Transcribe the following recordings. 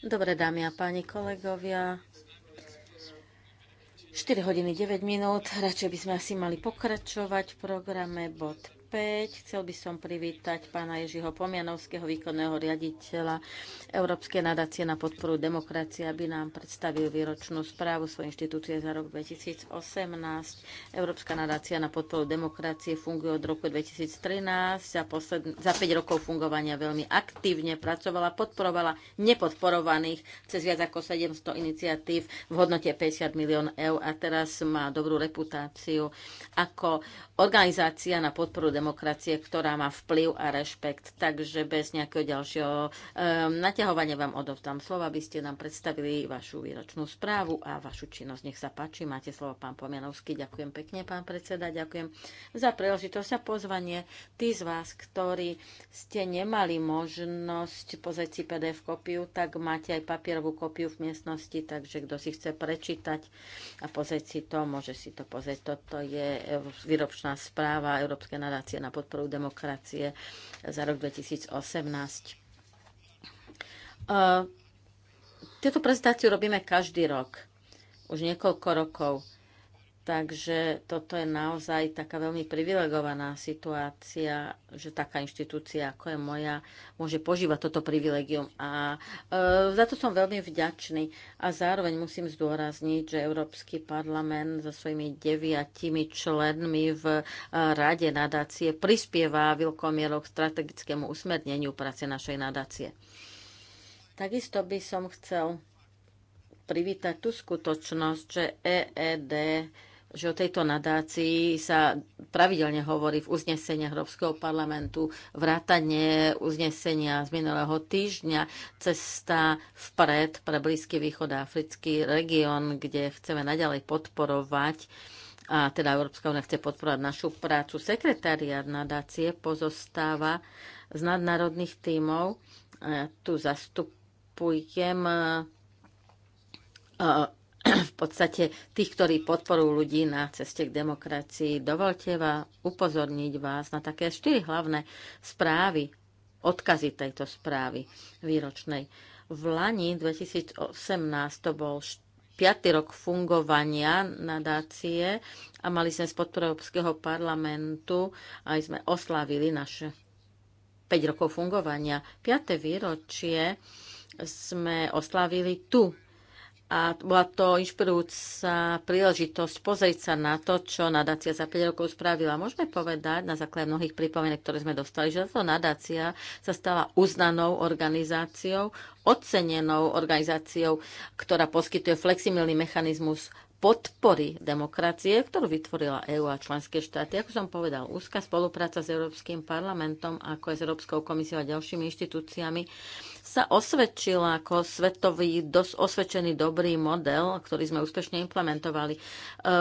Dobre dámy a páni kolegovia, 4 hodiny 9 minút, radšej by sme asi mali pokračovať v programe bod opäť. Chcel by som privítať pána Ježiho Pomianovského, výkonného riaditeľa Európskej nadácie na podporu demokracie, aby nám predstavil výročnú správu svojej inštitúcie za rok 2018. Európska nadácia na podporu demokracie funguje od roku 2013. Za, posled... za 5 rokov fungovania veľmi aktívne pracovala, podporovala nepodporovaných cez viac ako 700 iniciatív v hodnote 50 milión eur a teraz má dobrú reputáciu ako organizácia na podporu demokracie, ktorá má vplyv a rešpekt. Takže bez nejakého ďalšieho um, naťahovania vám odovzdám slovo, aby ste nám predstavili vašu výročnú správu a vašu činnosť. Nech sa páči, máte slovo pán Pomianovský. Ďakujem pekne, pán predseda, ďakujem za príležitosť a pozvanie. Tí z vás, ktorí ste nemali možnosť pozrieť si PDF kopiu, tak máte aj papierovú kopiu v miestnosti, takže kto si chce prečítať a pozrieť si to, môže si to pozrieť. Toto je e, výročná správa Európskej nadácie delegácie na podporu demokracie za rok 2018. Tieto prezentáciu robíme každý rok, už niekoľko rokov Takže toto je naozaj taká veľmi privilegovaná situácia, že taká inštitúcia ako je moja môže požívať toto privilegium. A e, za to som veľmi vďačný. A zároveň musím zdôrazniť, že Európsky parlament so svojimi deviatimi členmi v e, Rade nadácie prispieva veľkomierok k strategickému usmerneniu práce našej nadácie. Takisto by som chcel privítať tú skutočnosť, že EED že o tejto nadácii sa pravidelne hovorí v uznesení Európskeho parlamentu, vrátanie uznesenia z minulého týždňa, cesta vpred pre Blízky východ a africký región, kde chceme naďalej podporovať a teda Európska únia chce podporovať našu prácu. Sekretariat nadácie pozostáva z nadnárodných tímov. Ja e, tu zastupujem e, v podstate tých, ktorí podporujú ľudí na ceste k demokracii. Dovolte vám upozorniť vás na také štyri hlavné správy, odkazy tejto správy výročnej. V Lani 2018 to bol 5. rok fungovania nadácie a mali sme z podporu Európskeho parlamentu aj sme oslavili naše 5 rokov fungovania. 5. výročie sme oslavili tu a bola to inšpirujúca príležitosť pozrieť sa na to, čo nadácia za 5 rokov spravila. Môžeme povedať na základe mnohých pripomienok, ktoré sme dostali, že táto nadácia sa stala uznanou organizáciou, ocenenou organizáciou, ktorá poskytuje flexibilný mechanizmus podpory demokracie, ktorú vytvorila EÚ a členské štáty. Ako som povedal, úzka spolupráca s Európskym parlamentom, ako aj s Európskou komisiou a ďalšími inštitúciami sa osvedčila ako svetový, dosť osvedčený dobrý model, ktorý sme úspešne implementovali. E,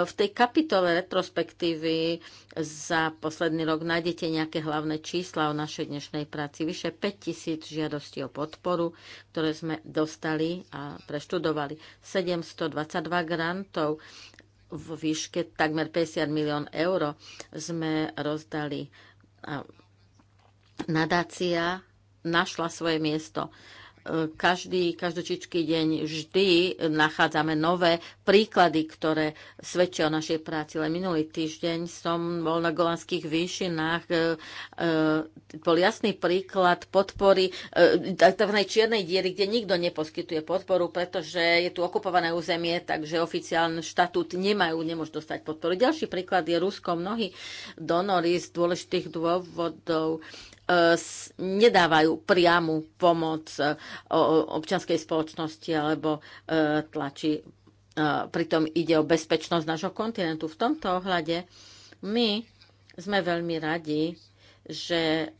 v tej kapitole retrospektívy za posledný rok nájdete nejaké hlavné čísla o našej dnešnej práci. Vyše 5000 žiadostí o podporu, ktoré sme dostali a preštudovali. 722 grantov v výške takmer 50 milión eur sme rozdali nadácia našla svoje miesto. E, každý, každočičký deň vždy nachádzame nové príklady, ktoré svedčia o našej práci. len minulý týždeň som bol na Golanských výšinách. E, e, bol jasný príklad podpory tzv. čiernej diery, kde nikto neposkytuje podporu, pretože je tu okupované územie, takže oficiálny štatút nemajú, nemôžu dostať podporu. Ďalší príklad je Rusko. Mnohí donory z dôležitých dôvodov nedávajú priamu pomoc e, občianskej spoločnosti alebo e, tlači. E, pritom ide o bezpečnosť nášho kontinentu. V tomto ohľade my sme veľmi radi, že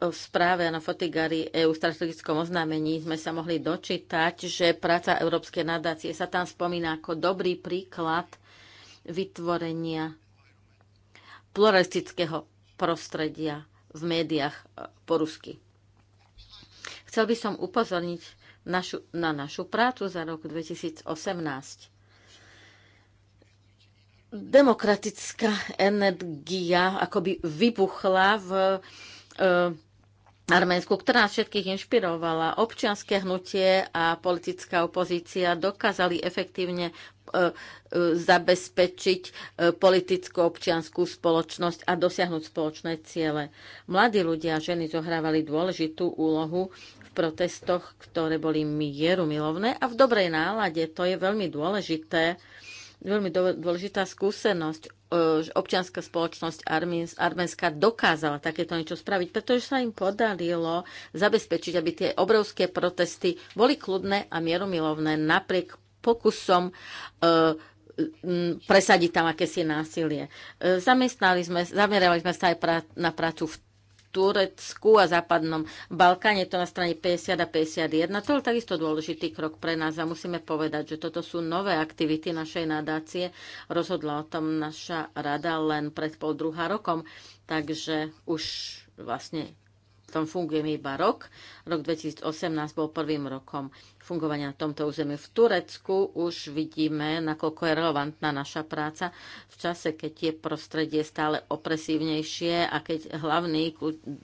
v správe na Fotigari EU strategickom oznámení sme sa mohli dočítať, že práca Európskej nadácie sa tam spomína ako dobrý príklad vytvorenia pluralistického prostredia v médiách e, po rusky. Chcel by som upozorniť našu, na našu prácu za rok 2018. Demokratická energia akoby vybuchla v e, Arménsku, ktorá nás všetkých inšpirovala. Občianske hnutie a politická opozícia dokázali efektívne e, e, zabezpečiť e, politicko-občianskú spoločnosť a dosiahnuť spoločné ciele. Mladí ľudia a ženy zohrávali dôležitú úlohu v protestoch, ktoré boli mierumilovné a v dobrej nálade. To je veľmi dôležité veľmi dôležitá skúsenosť. E, občianská spoločnosť Arménska dokázala takéto niečo spraviť, pretože sa im podarilo zabezpečiť, aby tie obrovské protesty boli kľudné a mieromilovné napriek pokusom e, presadiť tam akési násilie. E, zamestnali sme, zamerali sme sa aj pra, na prácu v Turecku a západnom Balkáne, to na strane 50 a 51. To je takisto dôležitý krok pre nás a musíme povedať, že toto sú nové aktivity našej nadácie. Rozhodla o tom naša rada len pred pol druhá rokom, takže už vlastne tom fungujeme iba rok. Rok 2018 bol prvým rokom fungovania na tomto území. V Turecku už vidíme, nakoľko je relevantná naša práca v čase, keď je prostredie stále opresívnejšie a keď hlavní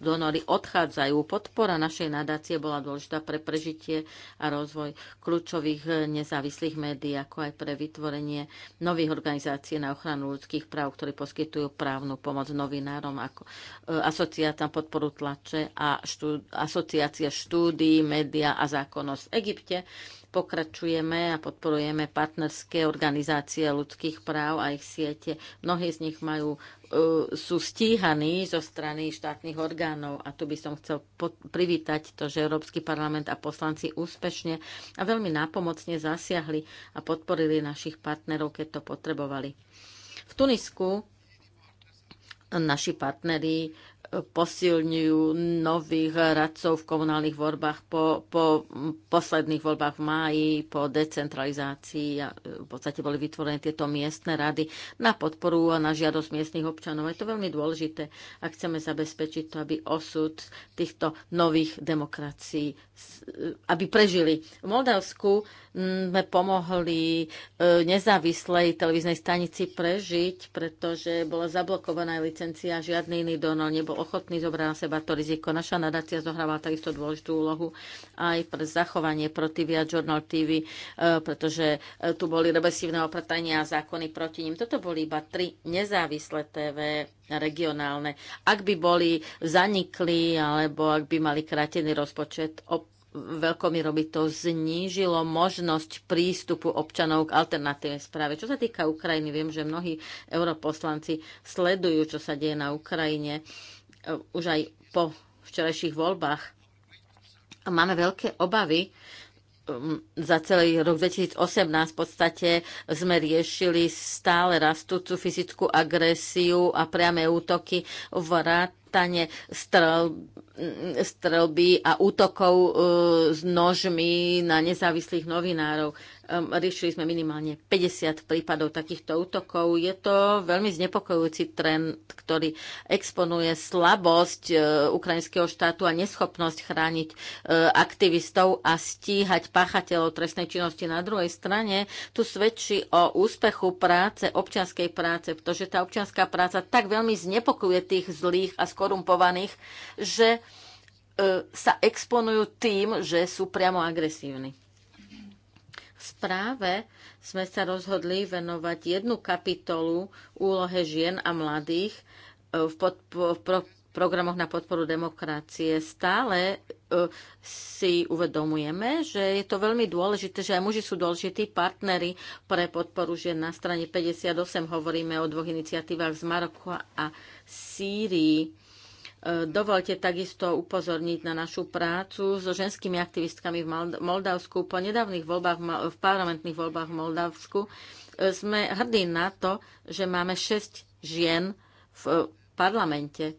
donory odchádzajú. Podpora našej nadácie bola dôležitá pre prežitie a rozvoj kľúčových nezávislých médií, ako aj pre vytvorenie nových organizácií na ochranu ľudských práv, ktorí poskytujú právnu pomoc novinárom ako e, asociáta podporu tlače a štú, asociácia štúdií, média a zákonnosť v Egypte svete. Pokračujeme a podporujeme partnerské organizácie ľudských práv a ich siete. Mnohí z nich majú, e, sú stíhaní zo strany štátnych orgánov a tu by som chcel privítať to, že Európsky parlament a poslanci úspešne a veľmi nápomocne zasiahli a podporili našich partnerov, keď to potrebovali. V Tunisku naši partneri posilňujú nových radcov v komunálnych voľbách po, po posledných voľbách v máji, po decentralizácii. A e, v podstate boli vytvorené tieto miestne rady na podporu a na žiadosť miestnych občanov. Je to veľmi dôležité, ak chceme zabezpečiť to, aby osud týchto nových demokracií, e, aby prežili. V Moldavsku sme pomohli e, nezávislej televíznej stanici prežiť, pretože bola zablokovaná licencia, žiadny iný donor nebol ochotní zobrať na seba to riziko. Naša nadácia zohráva takisto dôležitú úlohu aj pre zachovanie proti via Journal TV, e, pretože e, tu boli represívne opratania a zákony proti ním. Toto boli iba tri nezávislé TV regionálne. Ak by boli zanikli alebo ak by mali krátený rozpočet, veľkomiro by to znížilo možnosť prístupu občanov k alternatívnej správe. Čo sa týka Ukrajiny, viem, že mnohí europoslanci sledujú, čo sa deje na Ukrajine. Uh, už aj po včerajších voľbách. A máme veľké obavy, um, za celý rok 2018 v podstate sme riešili stále rastúcu fyzickú agresiu a priame útoky v vrát stane strel, strelby a útokov e, s nožmi na nezávislých novinárov. E, riešili sme minimálne 50 prípadov takýchto útokov. Je to veľmi znepokojujúci trend, ktorý exponuje slabosť e, ukrajinského štátu a neschopnosť chrániť e, aktivistov a stíhať páchateľov trestnej činnosti. Na druhej strane tu svedčí o úspechu práce, občianskej práce, pretože tá občianská práca tak veľmi znepokojuje tých zlých a skorumpovaných, že e, sa exponujú tým, že sú priamo agresívni. V správe sme sa rozhodli venovať jednu kapitolu úlohe žien a mladých e, v, podpo- v pro- programoch na podporu demokracie. Stále e, si uvedomujeme, že je to veľmi dôležité, že aj muži sú dôležití partnery pre podporu žien. Na strane 58 hovoríme o dvoch iniciatívach z Maroka a Sýrii Dovolte takisto upozorniť na našu prácu so ženskými aktivistkami v Moldavsku. Po nedávnych voľbách, v parlamentných voľbách v Moldavsku e, sme hrdí na to, že máme šesť žien v parlamente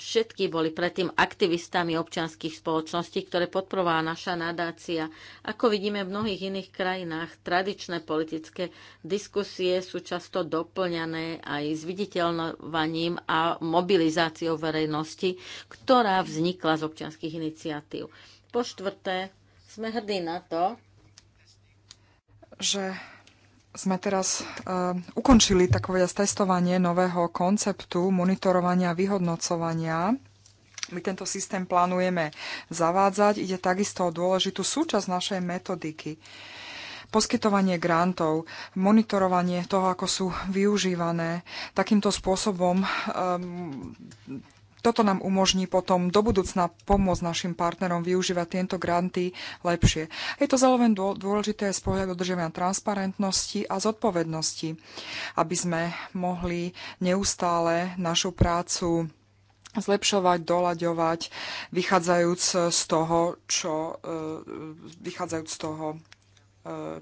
všetky boli predtým aktivistami občianských spoločností, ktoré podporovala naša nadácia. Ako vidíme v mnohých iných krajinách, tradičné politické diskusie sú často doplňané aj s viditeľnovaním a mobilizáciou verejnosti, ktorá vznikla z občianských iniciatív. Po štvrté, sme hrdí na to, že sme teraz uh, ukončili tak testovanie nového konceptu monitorovania a vyhodnocovania. My tento systém plánujeme zavádzať. Ide takisto o dôležitú súčasť našej metodiky. Poskytovanie grantov, monitorovanie toho, ako sú využívané. Takýmto spôsobom um, toto nám umožní potom do budúcna pomôcť našim partnerom využívať tieto granty lepšie. Je to zároveň dôležité z pohľadu dodržiavania transparentnosti a zodpovednosti, aby sme mohli neustále našu prácu zlepšovať, dolaďovať, vychádzajúc z toho, čo, e, vychádzajúc z toho, e,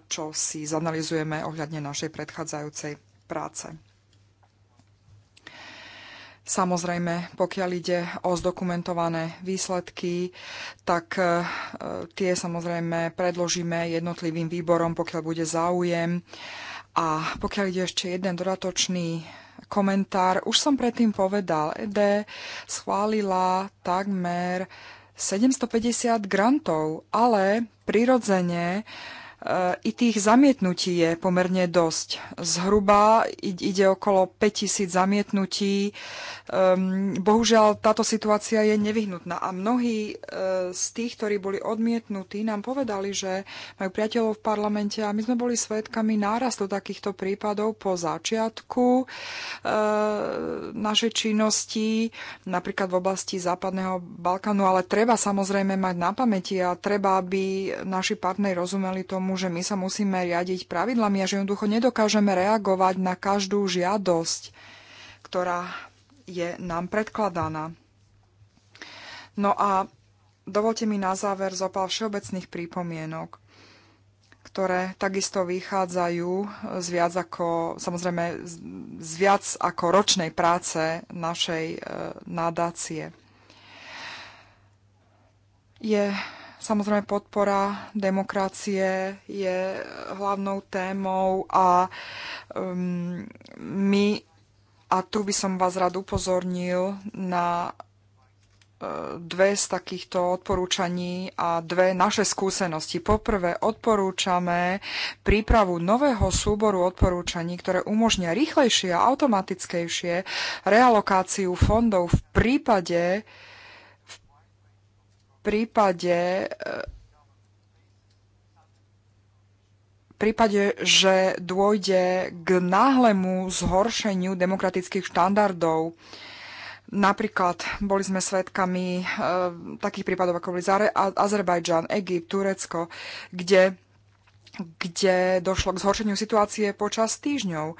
čo si zanalizujeme ohľadne našej predchádzajúcej práce. Samozrejme, pokiaľ ide o zdokumentované výsledky, tak e, tie samozrejme predložíme jednotlivým výborom, pokiaľ bude záujem. A pokiaľ ide ešte jeden dodatočný komentár, už som predtým povedal, ED schválila takmer 750 grantov, ale prirodzene e, i tých zamietnutí je pomerne dosť. Zhruba ide okolo 5000 zamietnutí, Um, bohužiaľ, táto situácia je nevyhnutná a mnohí uh, z tých, ktorí boli odmietnutí, nám povedali, že majú priateľov v parlamente a my sme boli svetkami nárastu takýchto prípadov po začiatku uh, našej činnosti, napríklad v oblasti Západného Balkánu, ale treba samozrejme mať na pamäti a treba, aby naši partneri rozumeli tomu, že my sa musíme riadiť pravidlami a že jednoducho nedokážeme reagovať na každú žiadosť ktorá je nám predkladaná. No a dovolte mi na záver zopal všeobecných prípomienok, ktoré takisto vychádzajú z viac ako, samozrejme, z viac ako ročnej práce našej e, nadácie. Je samozrejme podpora demokracie je hlavnou témou a um, my a tu by som vás rád upozornil na e, dve z takýchto odporúčaní a dve naše skúsenosti. Poprvé, odporúčame prípravu nového súboru odporúčaní, ktoré umožnia rýchlejšie a automatickejšie realokáciu fondov v prípade, v prípade e, prípade, že dôjde k náhlemu zhoršeniu demokratických štandardov, Napríklad boli sme svedkami e, takých prípadov, ako boli Azerbajdžan, Egypt, Turecko, kde, kde došlo k zhoršeniu situácie počas týždňov.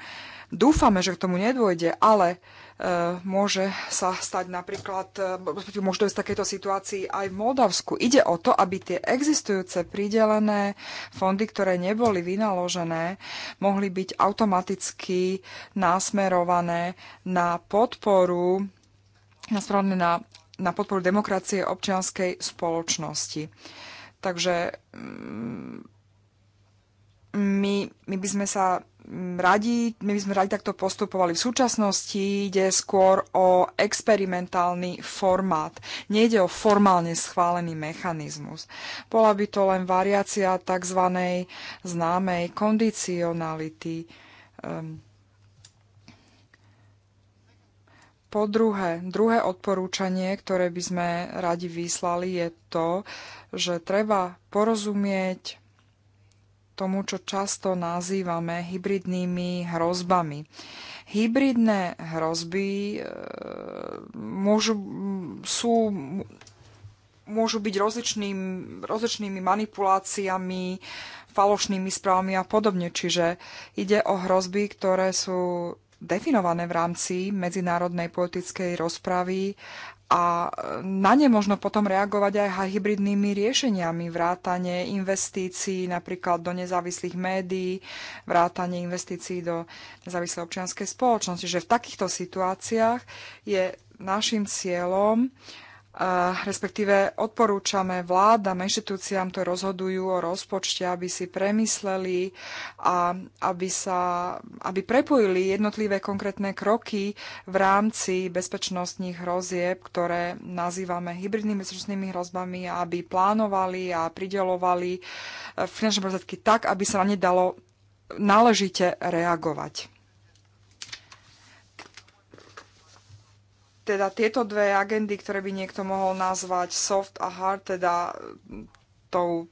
Dúfame, že k tomu nedôjde, ale E, môže sa stať napríklad, e, môže dojsť takéto situácii aj v Moldavsku. Ide o to, aby tie existujúce pridelené fondy, ktoré neboli vynaložené, mohli byť automaticky nasmerované na podporu na, na podporu demokracie občianskej spoločnosti. Takže mm, my, my by sme sa radi, my by sme radi takto postupovali v súčasnosti, ide skôr o experimentálny formát. Nejde o formálne schválený mechanizmus. Bola by to len variácia tzv. známej kondicionality. Ehm, po druhé, druhé odporúčanie, ktoré by sme radi vyslali, je to, že treba porozumieť tomu, čo často nazývame hybridnými hrozbami. Hybridné hrozby e, môžu, sú, môžu byť rozličným, rozličnými manipuláciami, falošnými správami a podobne. Čiže ide o hrozby, ktoré sú definované v rámci medzinárodnej politickej rozpravy a na ne možno potom reagovať aj hybridnými riešeniami, vrátanie investícií napríklad do nezávislých médií, vrátanie investícií do nezávislej občianskej spoločnosti. Že v takýchto situáciách je našim cieľom uh, respektíve odporúčame vládam, inštitúciám, ktoré rozhodujú o rozpočte, aby si premysleli a aby, sa, aby prepojili jednotlivé konkrétne kroky v rámci bezpečnostných hrozieb, ktoré nazývame hybridnými bezpečnostnými hrozbami, aby plánovali a pridelovali eh, finančné prostriedky tak, aby sa na ne dalo náležite reagovať. teda tieto dve agendy, ktoré by niekto mohol nazvať soft a hard, teda tou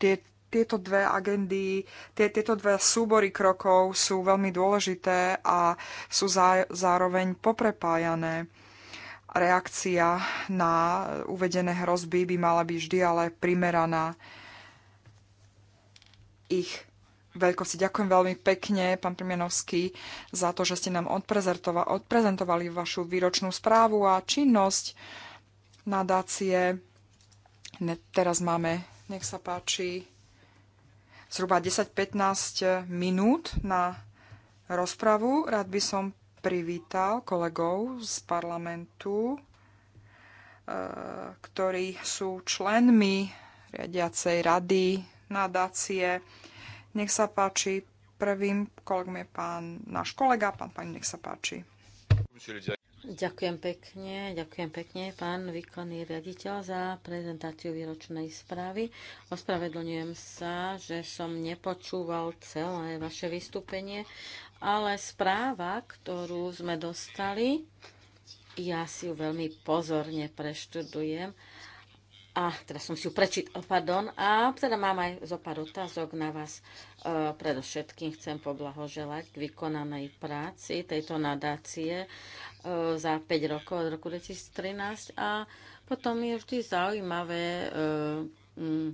tie, tieto dve agendy, tie, tieto dve súbory krokov sú veľmi dôležité a sú zá, zároveň poprepájané. Reakcia na uvedené hrozby by mala byť vždy ale primeraná ich veľkosti. Ďakujem veľmi pekne, pán Primianovský, za to, že ste nám odprezentovali vašu výročnú správu a činnosť nadácie. Ne, teraz máme, nech sa páči, zhruba 10-15 minút na rozpravu. Rád by som privítal kolegov z parlamentu, eh, ktorí sú členmi riadiacej rady nadácie nech sa páči, prvým kolegom je pán, náš kolega, pán pani, nech sa páči. Ďakujem pekne, ďakujem pekne, pán výkonný riaditeľ, za prezentáciu výročnej správy. Ospravedlňujem sa, že som nepočúval celé vaše vystúpenie, ale správa, ktorú sme dostali, ja si ju veľmi pozorne preštudujem a teraz som si ju prečítal, pardon. A teda mám aj zo pár otázok na vás. E, predovšetkým chcem poblahoželať k vykonanej práci tejto nadácie e, za 5 rokov od roku 2013 a potom je vždy zaujímavé e, m,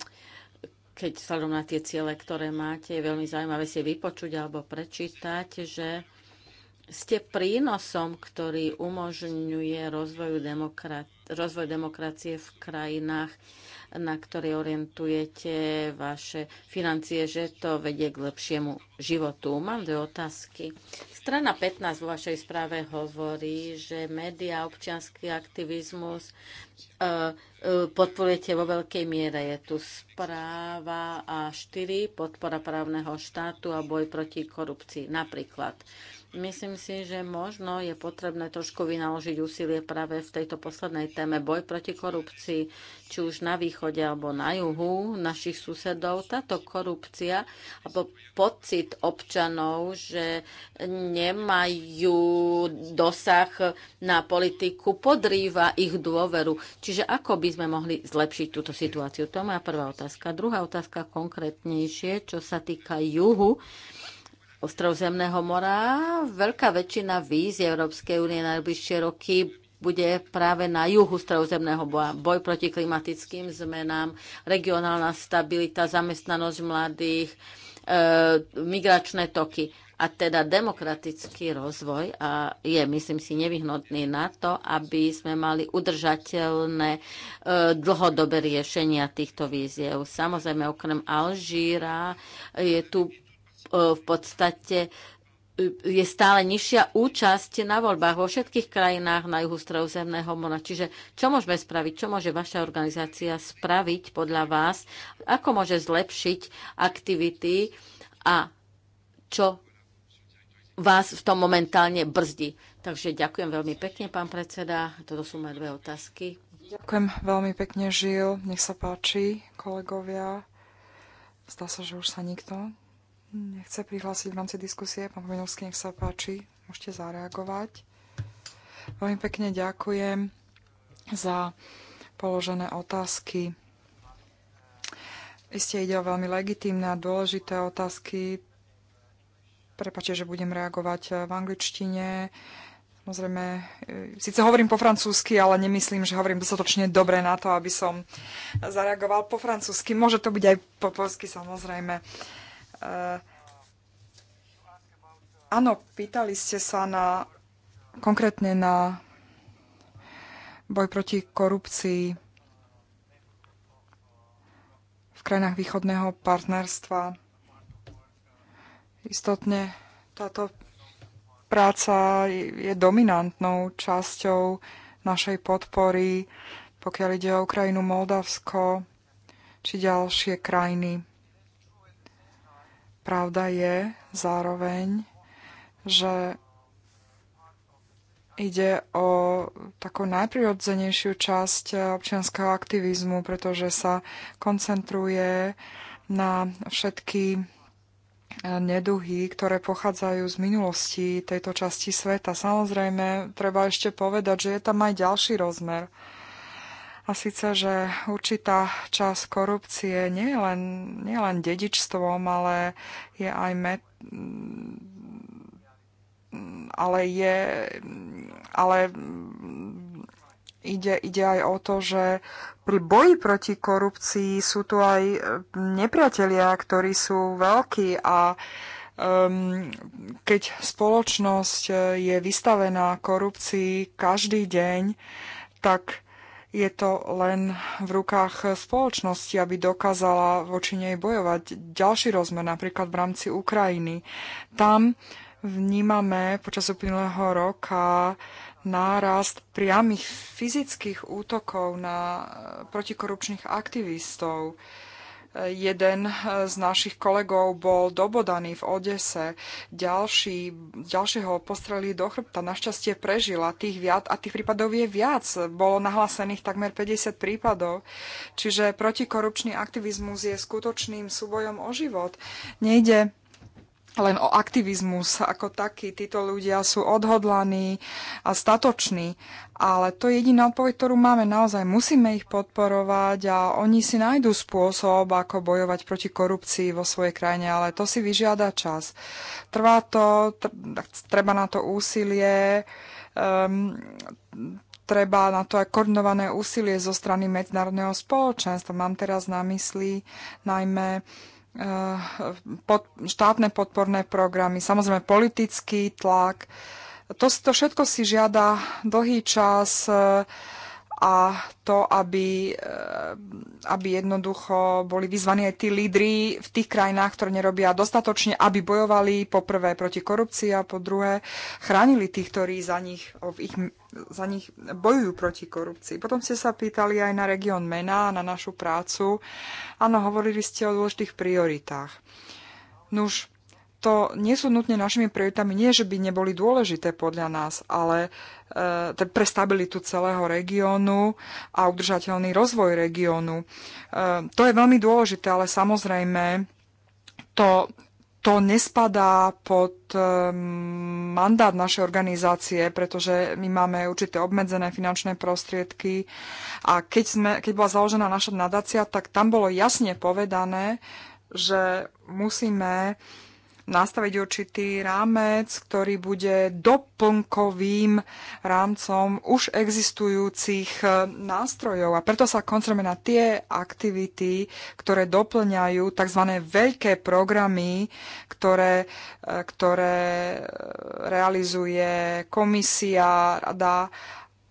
keď sa na tie ciele, ktoré máte, je veľmi zaujímavé si vypočuť alebo prečítať, že ste prínosom, ktorý umožňuje rozvoj, demokrat, rozvoj demokracie v krajinách, na ktoré orientujete vaše financie, že to vedie k lepšiemu životu. Mám dve otázky. Strana 15 vo vašej správe hovorí, že média, občianský aktivizmus e, e, podporujete vo veľkej miere. Je tu správa a 4, podpora právneho štátu a boj proti korupcii napríklad. Myslím si, že možno je potrebné trošku vynaložiť úsilie práve v tejto poslednej téme boj proti korupcii, či už na východe alebo na juhu našich susedov. Táto korupcia alebo pocit občanov, že nemajú dosah na politiku, podrýva ich dôveru. Čiže ako by sme mohli zlepšiť túto situáciu? To je moja prvá otázka. Druhá otázka konkrétnejšie, čo sa týka juhu. Ostrovzemného mora. Veľká väčšina víz Európskej únie na najbližšie roky bude práve na juhu stredozemného boja. Boj proti klimatickým zmenám, regionálna stabilita, zamestnanosť mladých, e, migračné toky a teda demokratický rozvoj a je, myslím si, nevyhnutný na to, aby sme mali udržateľné e, dlhodobé riešenia týchto víziev. Samozrejme, okrem Alžíra je tu E, v podstate e, je stále nižšia účasť na voľbách vo všetkých krajinách na juhu stredozemného mora. Čiže čo môžeme spraviť? Čo môže vaša organizácia spraviť podľa vás? Ako môže zlepšiť aktivity a čo vás v tom momentálne brzdí? Takže ďakujem veľmi pekne, pán predseda. Toto sú moje dve otázky. Ďakujem veľmi pekne, Žil. Nech sa páči, kolegovia. Zdá sa, že už sa nikto nechce prihlásiť v rámci diskusie. Pán Pominovský, nech sa páči, môžete zareagovať. Veľmi pekne ďakujem za položené otázky. Isté ide o veľmi legitímne a dôležité otázky. Prepačte, že budem reagovať v angličtine. Samozrejme, e, síce hovorím po francúzsky, ale nemyslím, že hovorím dostatočne dobre na to, aby som zareagoval po francúzsky. Môže to byť aj po polsky, samozrejme. Uh, Eh, áno, pýtali ste sa na, konkrétne na boj proti korupcii v krajinách východného partnerstva. Istotne táto práca je dominantnou časťou našej podpory, pokiaľ ide o Ukrajinu, Moldavsko či ďalšie krajiny. Pravda je zároveň, že ide o takú najprirodzenejšiu časť občianského aktivizmu, pretože sa koncentruje na všetky e, neduhy, ktoré pochádzajú z minulosti tejto časti sveta. Samozrejme, treba ešte povedať, že je tam aj ďalší rozmer. A síce, že určitá časť korupcie nie je len, nie je len dedičstvom, ale je aj met, ale je, ale ide, ide aj o to, že pri boji proti korupcii sú tu aj e, nepriatelia, ktorí sú veľkí a um, keď spoločnosť e, je vystavená korupcii každý deň, tak je to len v rukách spoločnosti, aby dokázala voči nej bojovať. Ďalší rozmer, napríklad v rámci Ukrajiny. Tam vnímame počas uplynulého roka nárast priamých fyzických útokov na protikorupčných aktivistov. Jeden z našich kolegov bol dobodaný v Odese, ďalší, ďalšieho postrelili do chrbta, našťastie prežila tých, viac, a tých prípadov je viac. Bolo nahlásených takmer 50 prípadov. Čiže protikorupčný aktivizmus je skutočným súbojom o život. Nejde len o aktivizmus ako taký. Títo ľudia sú odhodlaní a statoční, ale to je jediná odpoveď, ktorú máme naozaj. Musíme ich podporovať a oni si nájdú spôsob, ako bojovať proti korupcii vo svojej krajine, ale to si vyžiada čas. Trvá to, treba na to úsilie, um, treba na to aj koordinované úsilie zo strany medzinárodného spoločenstva. Mám teraz na mysli najmä uh, Eh, pod, štátne podporné programy, samozrejme politický tlak. To, to všetko si žiada dlhý čas, eh, a to, aby, eh, aby jednoducho boli vyzvaní aj tí lídry v tých krajinách, ktoré nerobia dostatočne, aby bojovali po prvé proti korupcii a po druhé chránili tých, ktorí za nich, ich, za nich bojujú proti korupcii. Potom ste sa pýtali aj na región MENA, na našu prácu. Áno, hovorili ste o dôležitých prioritách. Nuž, to nie sú nutne našimi prioritami. Nie, že by neboli dôležité podľa nás, ale e, pre stabilitu celého regiónu a udržateľný rozvoj regiónu. E, to je veľmi dôležité, ale samozrejme to, to nespadá pod e, mandát našej organizácie, pretože my máme určité obmedzené finančné prostriedky a keď, sme, keď bola založená naša nadácia, tak tam bolo jasne povedané, že musíme uh, nastaviť určitý rámec, ktorý bude doplnkovým rámcom už existujúcich e, nástrojov. A preto sa koncentrujeme na tie aktivity, ktoré doplňajú tzv. veľké programy, ktoré, e, ktoré e, realizuje komisia, rada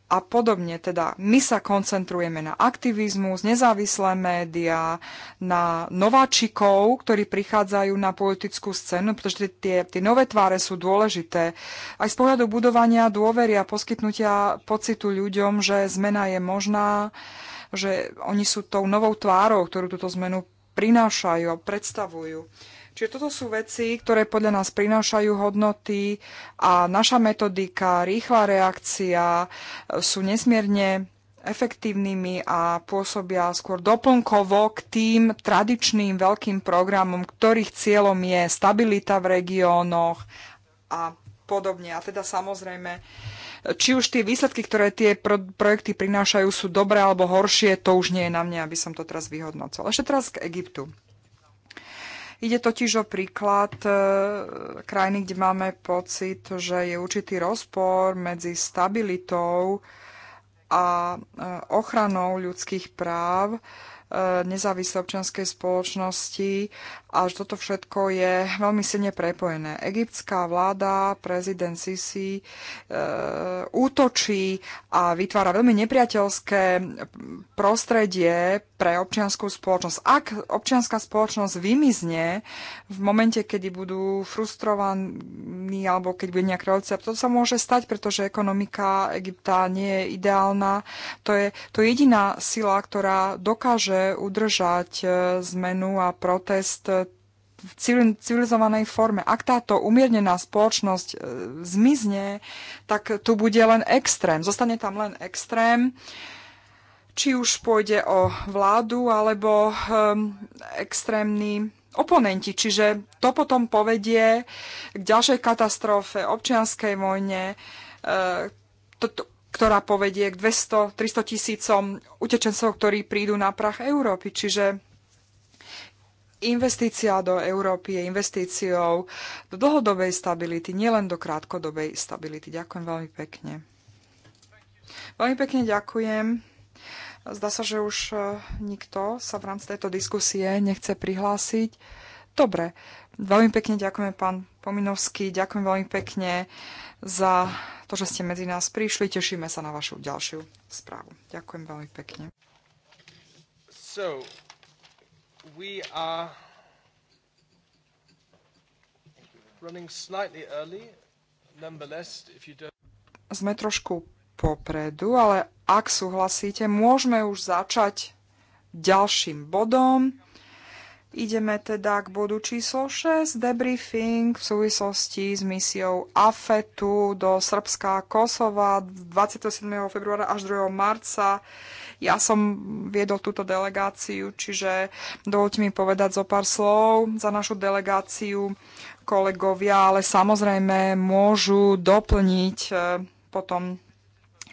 a podobne. Teda my sa koncentrujeme na aktivizmus, nezávislé médiá, na nováčikov, ktorí prichádzajú na politickú scénu, pretože tie, tie nové tváre sú dôležité. Aj z pohľadu budovania dôvery a poskytnutia pocitu ľuďom, že zmena je možná, že oni sú tou novou tvárou, ktorú túto zmenu prinášajú a predstavujú. Čiže toto sú veci, ktoré podľa nás prinášajú hodnoty a naša metodika, rýchla reakcia e, sú nesmierne efektívnymi a pôsobia skôr doplnkovo k tým tradičným veľkým programom, ktorých cieľom je stabilita v regiónoch a podobne. A teda samozrejme, či už tie výsledky, ktoré tie pro- projekty prinášajú, sú dobré alebo horšie, to už nie je na mne, aby som to teraz vyhodnocoval. Ešte teraz k Egyptu. Ide totiž o príklad e, krajiny, kde máme pocit, že je určitý rozpor medzi stabilitou a e, ochranou ľudských práv e, nezávislej občianskej spoločnosti a že toto všetko je veľmi silne prepojené. Egyptská vláda, prezident Sisi e, útočí a vytvára veľmi nepriateľské prostredie pre občianskú spoločnosť. Ak občianská spoločnosť vymizne v momente, kedy budú frustrovaní alebo keď bude nejaká relácia, to sa môže stať, pretože ekonomika Egypta nie je ideálna. To je, to jediná sila, ktorá dokáže udržať e, zmenu a protest civilizovanej forme. Ak táto umiernená spoločnosť e, zmizne, tak tu bude len extrém. Zostane tam len extrém či už pôjde o vládu alebo um, extrémni oponenti. Čiže to potom povedie k ďalšej katastrofe, občianskej vojne, e, to, to, ktorá povedie k 200-300 tisícom utečencov, ktorí prídu na prach Európy. Čiže Investícia do Európy je investíciou do dlhodobej stability, nielen do krátkodobej stability. Ďakujem veľmi pekne. Veľmi pekne ďakujem. Zdá sa, že už e, nikto sa v rámci tejto diskusie nechce prihlásiť. Dobre, veľmi pekne ďakujeme pán Pominovský, ďakujem veľmi pekne za to, že ste medzi nás prišli. Tešíme sa na vašu ďalšiu správu. Ďakujem veľmi pekne. So, we are running slightly early. Nonetheless, if you don't... Sme trošku popredu, ale ak súhlasíte, môžeme už začať ďalším bodom. Ideme teda k bodu číslo 6, debriefing v súvislosti s misiou AFETu do Srbska a Kosova 27. februára až 2. marca ja som viedol túto delegáciu, čiže dovolte mi povedať zo pár slov za našu delegáciu kolegovia, ale samozrejme môžu doplniť e, potom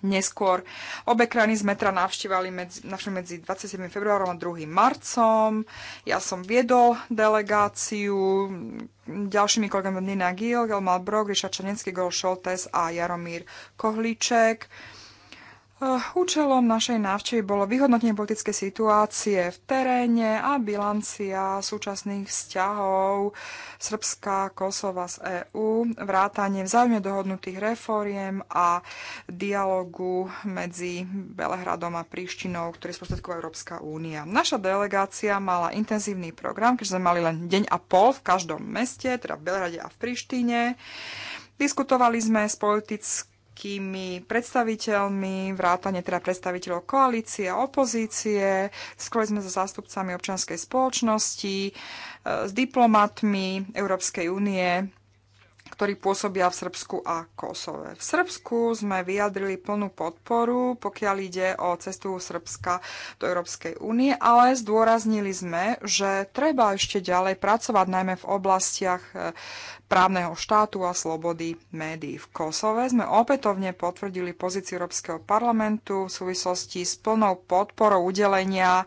neskôr. Obe krajiny sme teda navštívali medzi, medzi 27. februárom a 2. marcom. Ja som viedol delegáciu ďalšími kolegami Nina Gil, Gelmal Brok, Richard Čanecký, Gol Šoltes a Jaromír Kohliček. Eh, účelom našej návštevy bolo vyhodnotenie politické situácie v teréne a bilancia súčasných vzťahov Srbska, Kosova z EÚ, vrátanie vzájomne dohodnutých reforiem a dialogu medzi Belehradom a Príštinou, ktorý sprostredkovala Európska únia. Naša delegácia mala intenzívny program, keďže sme mali len deň a pol v každom meste, teda v Belehrade a v Príštine. Diskutovali sme s politickým všetkými predstaviteľmi, vrátane teda predstaviteľov koalície a opozície. Skôr sme so zástupcami občianskej spoločnosti, eh, s diplomatmi Európskej únie ktorí pôsobia v Srbsku a Kosove. V Srbsku sme vyjadrili plnú podporu, pokiaľ ide o cestu Srbska do Európskej únie, ale zdôraznili sme, že treba ešte ďalej pracovať najmä v oblastiach e, právneho štátu a slobody médií. V Kosove sme opätovne potvrdili pozíciu Európskeho parlamentu v súvislosti s plnou podporou udelenia e,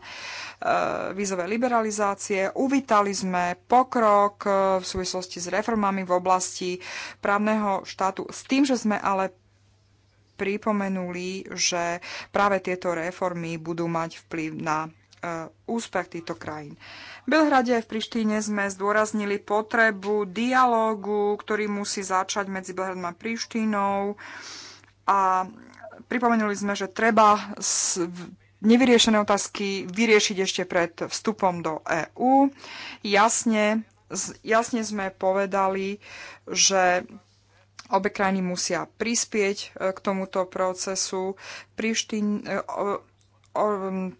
vízovej liberalizácie. Uvítali sme pokrok e, v súvislosti s reformami v oblasti právneho štátu. S tým, že sme ale pripomenuli, že práve tieto reformy budú mať vplyv na e, úspech týchto krajín. V Belhrade aj v Prištíne sme zdôraznili potrebu dialógu, ktorý musí začať medzi Belhradom a Prištínou a pripomenuli sme, že treba s, nevyriešené otázky vyriešiť ešte pred vstupom do EÚ. Jasne jasne sme povedali, že obe krajiny musia prispieť e, k tomuto procesu. Príština e,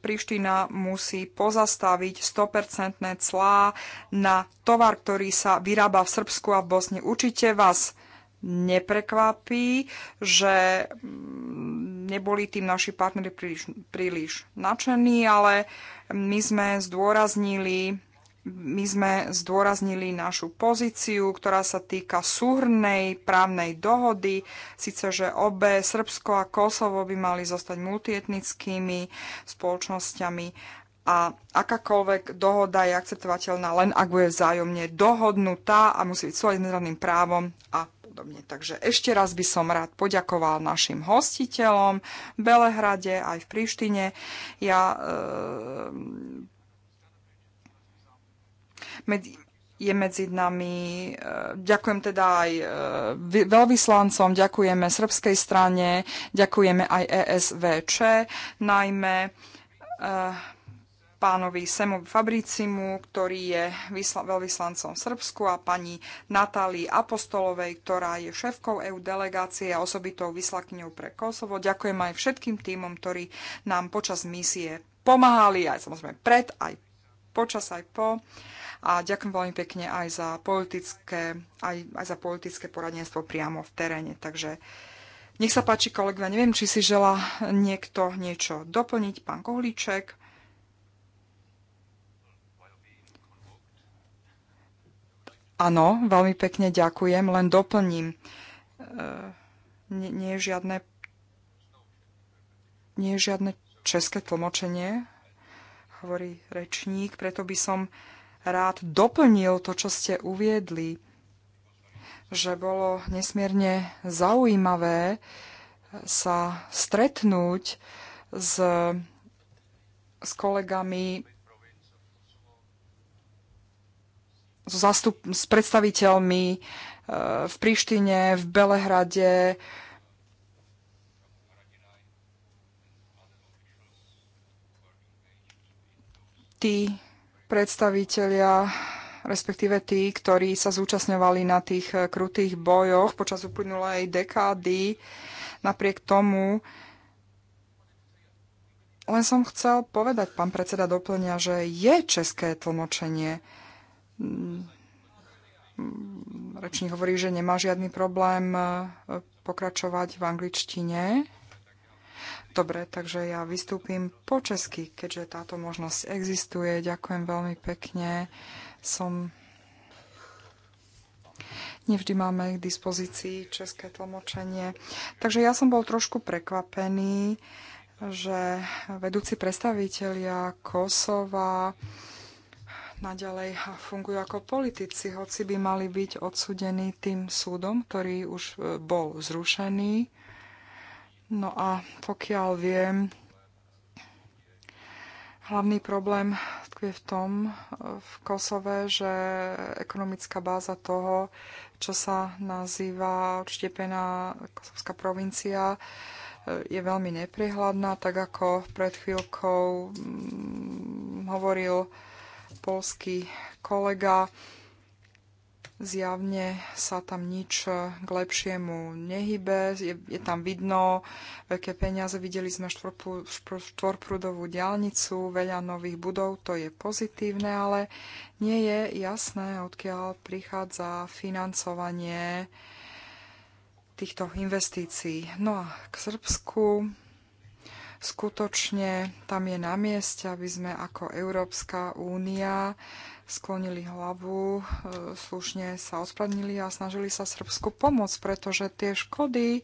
Priština musí pozastaviť 100% clá na tovar, ktorý sa vyrába v Srbsku a v Bosni. Určite vás neprekvapí, že neboli tým naši partneri príliš, príliš nadšení, ale my sme zdôraznili my sme zdôraznili našu pozíciu, ktorá sa týka súhrnej právnej dohody, síce že obe Srbsko a Kosovo by mali zostať multietnickými spoločnosťami a akákoľvek dohoda je akceptovateľná len ak bude vzájomne dohodnutá a musí byť súladený právom a podobne. Takže ešte raz by som rád poďakoval našim hostiteľom v Belehrade aj v Prištine. Ja e, medzi, je medzi nami. Eh, ďakujem teda aj eh, veľvyslancom, ďakujeme srbskej strane, ďakujeme aj ESVČ, najmä eh, pánovi Semu Fabricimu, ktorý je veľvyslancom v Srbsku a pani Natálii Apostolovej, ktorá je šéfkou EU delegácie a osobitou vyslakňou pre Kosovo. Ďakujem aj všetkým týmom, ktorí nám počas misie pomáhali, aj samozrejme pred, aj počas, aj po. Uh, a ďakujem veľmi pekne aj za politické, aj, aj za politické poradenstvo priamo v teréne. Takže nech sa páči, kolega, neviem, či si žela niekto niečo doplniť. Pán Kohlíček. Áno, veľmi pekne ďakujem, len doplním. E, nie, nie je žiadne nie je žiadne české tlmočenie, hovorí rečník, preto by som rád doplnil to, čo ste uviedli, že bolo nesmierne zaujímavé sa stretnúť s, s kolegami zastup, s predstaviteľmi e, v Prištine, v Belehrade, tí predstavitelia respektíve tí, ktorí sa zúčastňovali na tých eh, krutých bojoch počas uplynulej dekády. Napriek tomu, len som chcel povedať, pán predseda doplňa, že je české tlmočenie. Mm, rečník hovorí, že nemá žiadny problém eh, pokračovať v angličtine. Dobre, takže ja vystúpim po česky, keďže táto možnosť existuje. Ďakujem veľmi pekne. Som Nevždy máme k dispozícii české tlmočenie. Takže ja som bol trošku prekvapený, že vedúci predstavitelia Kosova naďalej fungujú ako politici, hoci by mali byť odsudení tým súdom, ktorý už e, bol zrušený. No a pokiaľ viem, hlavný problém je v tom e, v Kosove, že ekonomická báza toho, čo sa nazýva odštepená kosovská provincia, e, je veľmi neprihľadná, tak ako pred chvíľkou mm, hovoril polský kolega. Zjavne sa tam nič e, k lepšiemu nehybe, je, je tam vidno, veľké peniaze, videli sme štvorpru, štvorprúdovú diálnicu, veľa nových budov, to je pozitívne, ale nie je jasné, odkiaľ prichádza financovanie týchto investícií. No a k Srbsku skutočne tam je na mieste, aby sme ako Európska únia sklonili hlavu, e, slušne sa ospravedlnili a snažili sa Srbsku pomôcť, pretože tie škody,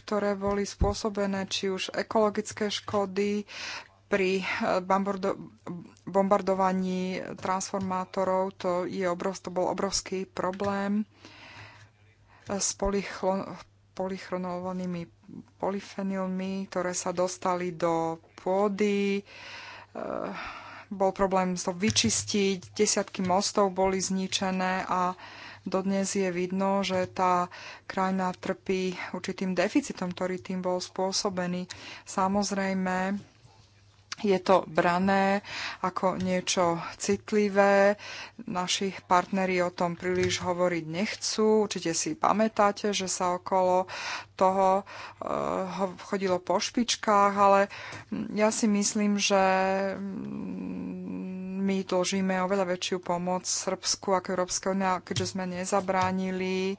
ktoré boli spôsobené, či už ekologické škody pri e, bombardovaní transformátorov, to, je obrov, to bol obrovský problém e, s polychronovanými polyfenilmi, ktoré sa dostali do pôdy bol problém to vyčistiť, desiatky mostov boli zničené a dodnes je vidno, že tá krajina trpí určitým deficitom, ktorý tým bol spôsobený. Samozrejme, je to brané ako niečo citlivé. Naši partneri o tom príliš hovoriť nechcú. Určite si pamätáte, že sa okolo toho eh, chodilo po špičkách, ale ja si myslím, že my dlžíme oveľa väčšiu pomoc Srbsku ako Európskej únia, keďže sme nezabránili eh,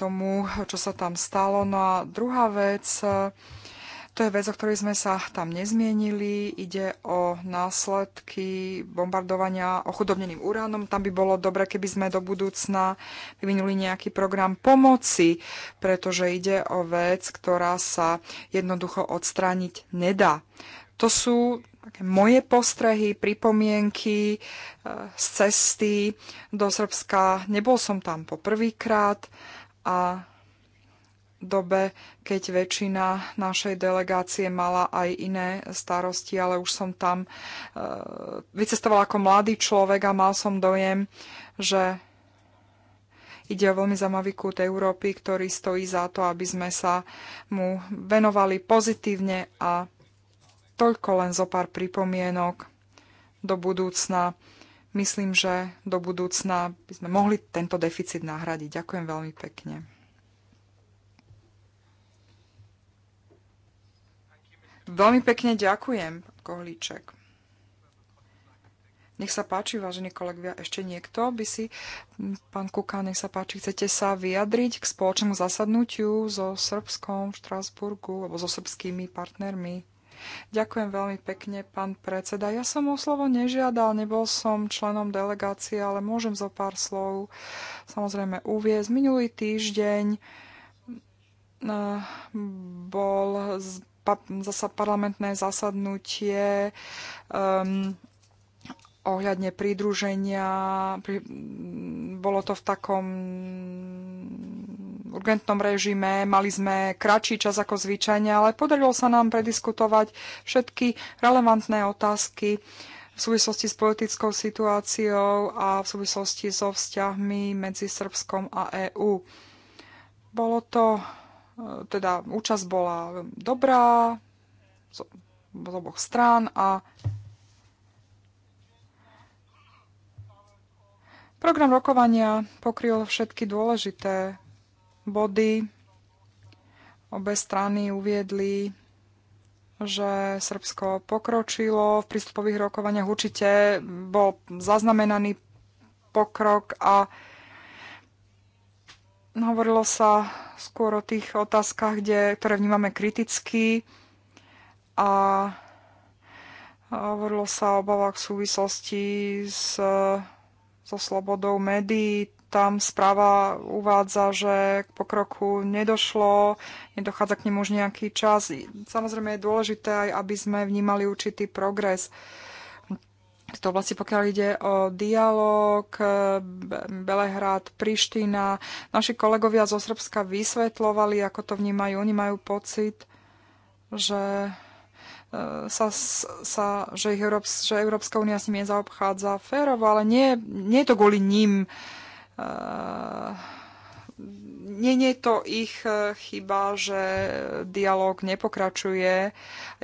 tomu, čo sa tam stalo. No a druhá vec, eh, to je vec, o ktorej sme sa tam nezmienili. Ide o následky bombardovania ochudobneným uránom. Tam by bolo dobre, keby sme do budúcna vyvinuli nejaký program pomoci, pretože ide o vec, ktorá sa jednoducho odstrániť nedá. To sú také moje postrehy, pripomienky e, z cesty do Srbska. Nebol som tam poprvýkrát a dobe, keď väčšina našej delegácie mala aj iné starosti, ale už som tam e, vycestovala ako mladý človek a mal som dojem, že ide o veľmi zaujímavý kút Európy, ktorý stojí za to, aby sme sa mu venovali pozitívne a toľko len zo pár pripomienok do budúcna. Myslím, že do budúcna by sme mohli tento deficit nahradiť. Ďakujem veľmi pekne. Veľmi pekne ďakujem, Kohlíček. Nech sa páči, vážení kolegovia, ešte niekto by si, pán Kuka, nech sa páči, chcete sa vyjadriť k spoločnému zasadnutiu so Srbskom v Štrásburgu alebo so srbskými partnermi? Ďakujem veľmi pekne, pán predseda. Ja som o slovo nežiadal, nebol som členom delegácie, ale môžem zo pár slov samozrejme uviezť. Minulý týždeň eh, bol zasa parlamentné zasadnutie um, ohľadne pridruženia. Bolo to v takom urgentnom režime, mali sme kratší čas ako zvyčajne, ale podarilo sa nám prediskutovať všetky relevantné otázky v súvislosti s politickou situáciou a v súvislosti so vzťahmi medzi Srbskom a EÚ. Bolo to teda účasť bola dobrá z oboch strán a program rokovania pokryl všetky dôležité body. Obe strany uviedli, že Srbsko pokročilo v prístupových rokovaniach. Určite bol zaznamenaný pokrok a Hovorilo sa skôr o tých otázkach, kde, ktoré vnímame kriticky a hovorilo sa o obavách v súvislosti s, so slobodou médií. Tam správa uvádza, že k pokroku nedošlo, nedochádza k nemu už nejaký čas. Samozrejme je dôležité aj, aby sme vnímali určitý progres. Uh, z toho oblasti, pokiaľ ide o dialog eh, Belehrad, Priština. Naši kolegovia zo Srbska vysvetlovali, ako to vnímajú. Oni majú pocit, že, eh, sa, sa, že, ich Európs, že Európska únia s nimi nezaobchádza férovo, ale nie, nie je to kvôli ním. Uh, nie je to ich e, chyba, že dialog nepokračuje.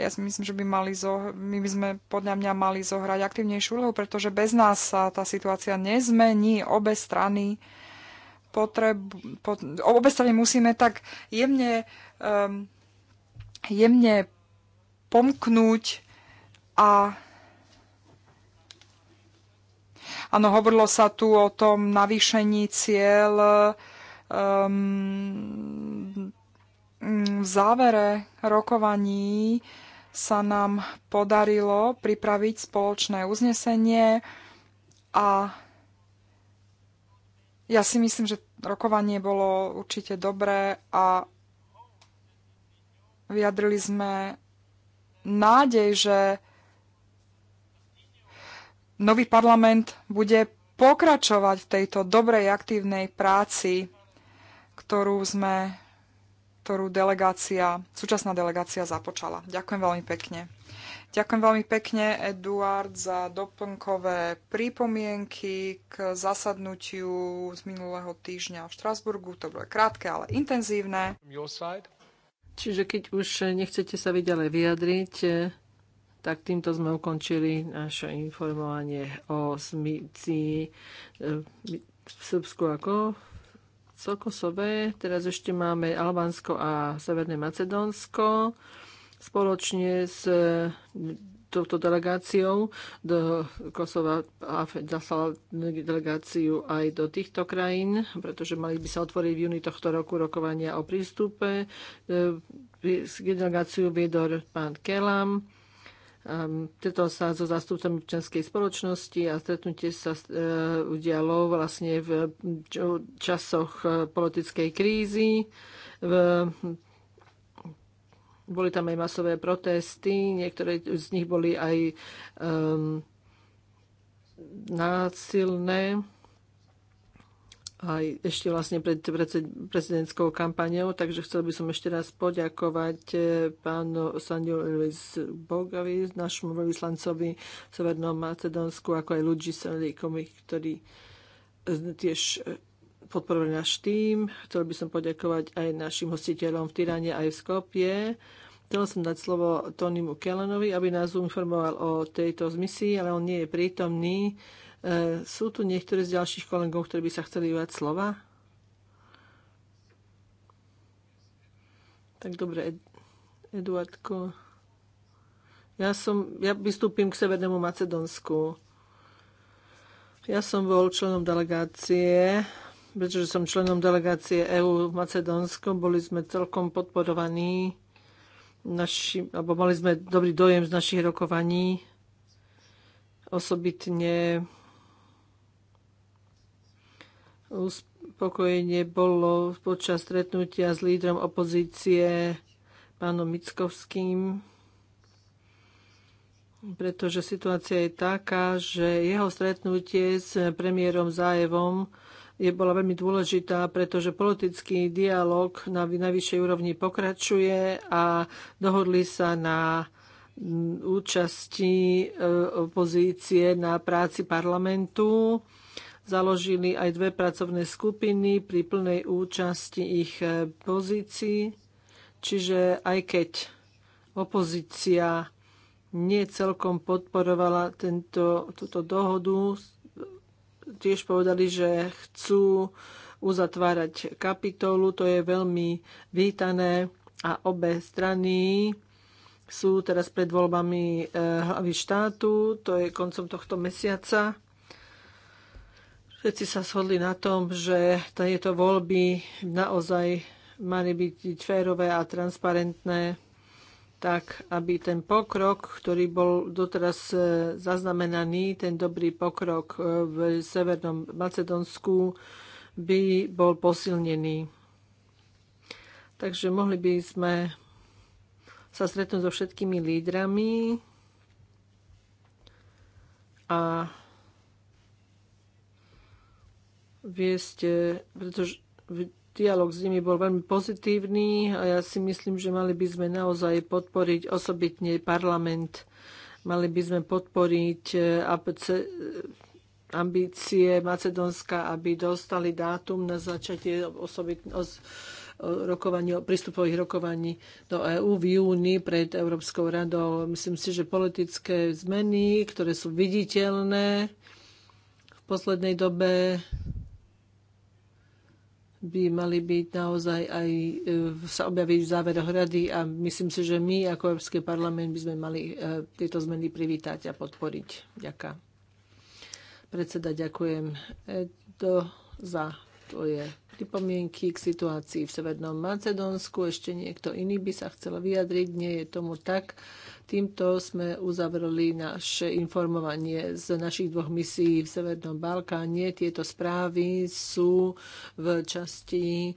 Ja si myslím, že by mali zo, my by sme podľa mňa mali zohrať aktívnejšiu úlohu, pretože bez nás sa tá situácia nezmení. Obe strany potrebu- pot- obe strany musíme tak jemne, um, jemne pomknúť a Áno, hovorilo sa tu o tom navýšení cieľ um, v závere rokovaní sa nám podarilo pripraviť spoločné uznesenie a ja si myslím, že rokovanie bolo určite dobré a vyjadrili sme nádej, že nový parlament bude pokračovať v tejto dobrej aktívnej práci ktorú sme ktorú delegácia, súčasná delegácia započala. Ďakujem veľmi pekne. Ďakujem veľmi pekne, Eduard, za doplnkové prípomienky k zasadnutiu z minulého týždňa v Štrasburgu. To bolo krátke, ale intenzívne. Čiže keď už nechcete sa vyďalej vyjadriť, tak týmto sme ukončili naše informovanie o smici eh, v Srbsku ako Kosové, Teraz ešte máme Albánsko a Severné Macedónsko. Spoločne s e, touto delegáciou do Kosova a dostala delegáciu aj do týchto krajín, pretože mali by sa otvoriť v júni tohto roku rokovania o prístupe. E, delegáciu viedol pán Kelam Stretol ehm, sa so zastupcom občianskej spoločnosti a stretnutie sa e, udialo vlastne v časoch e, politickej krízy. V boli tam aj masové protesty, niektoré z nich boli aj um, násilné aj ešte vlastne pred prezidentskou kampaniou, takže chcel by som ešte raz poďakovať eh, pánu Sandiu Bogovi, Bogavi, našemu veľvyslancovi v Severnom Macedónsku, ako aj ľudí Selikovi, ktorí eh, tiež eh, podporovali náš tým. Chcel by som poďakovať aj našim hostiteľom v Tyrane aj v Skopie. Chcel som dať slovo Tonymu Kellenovi, aby nás informoval o tejto zmisi, ale on nie je prítomný. E, sú tu niektoré z ďalších kolegov, ktorí by sa chceli ujať slova? Tak dobre, Eduardko. Ja, som, ja vystúpim k Severnému Macedónsku. Ja som bol členom delegácie, pretože som členom delegácie EÚ v Macedónsku. Boli sme celkom podporovaní, naši, alebo mali sme dobrý dojem z našich rokovaní. Osobitne uspokojenie bolo počas stretnutia s lídrom opozície pánom Mickovským, pretože situácia je taká, že jeho stretnutie s premiérom Zájevom je bola veľmi dôležitá, pretože politický dialog na najvyššej úrovni pokračuje a dohodli sa na mm, účasti e, opozície na práci parlamentu založili aj dve pracovné skupiny pri plnej účasti ich e, pozícií. Čiže aj keď opozícia nie celkom podporovala tento, túto dohodu, tiež povedali, že chcú uzatvárať kapitolu. To je veľmi vítané a obe strany sú teraz pred voľbami e, hlavy štátu, to je koncom tohto mesiaca. Všetci sa shodli na tom, že tieto voľby naozaj mali byť férové a transparentné, tak aby ten pokrok, ktorý bol doteraz e, zaznamenaný, ten dobrý pokrok e, v Severnom Macedónsku, by bol posilnený. Takže mohli by sme sa stretnúť so všetkými lídrami a viesť, e, pretože dialog s nimi bol veľmi pozitívny a ja si myslím, že mali by sme naozaj podporiť osobitne parlament. Mali by sme podporiť e, ambície Macedónska, aby dostali dátum na začatie rokovaní prístupových rokovaní do EÚ v júni pred Európskou radou. Myslím si, že politické zmeny, ktoré sú viditeľné v poslednej dobe, by mali byť naozaj aj e, sa objaviť v závere hrady a myslím si, že my ako Európsky parlament by sme mali e, tieto zmeny privítať a podporiť. Ďakujem. Predseda, ďakujem Edo za tvoje pripomienky k situácii v Severnom Macedónsku. Ešte niekto iný by sa chcel vyjadriť. Nie je tomu tak. Týmto sme uzavreli naše informovanie z našich dvoch misií v Severnom Balkáne. Tieto správy sú v časti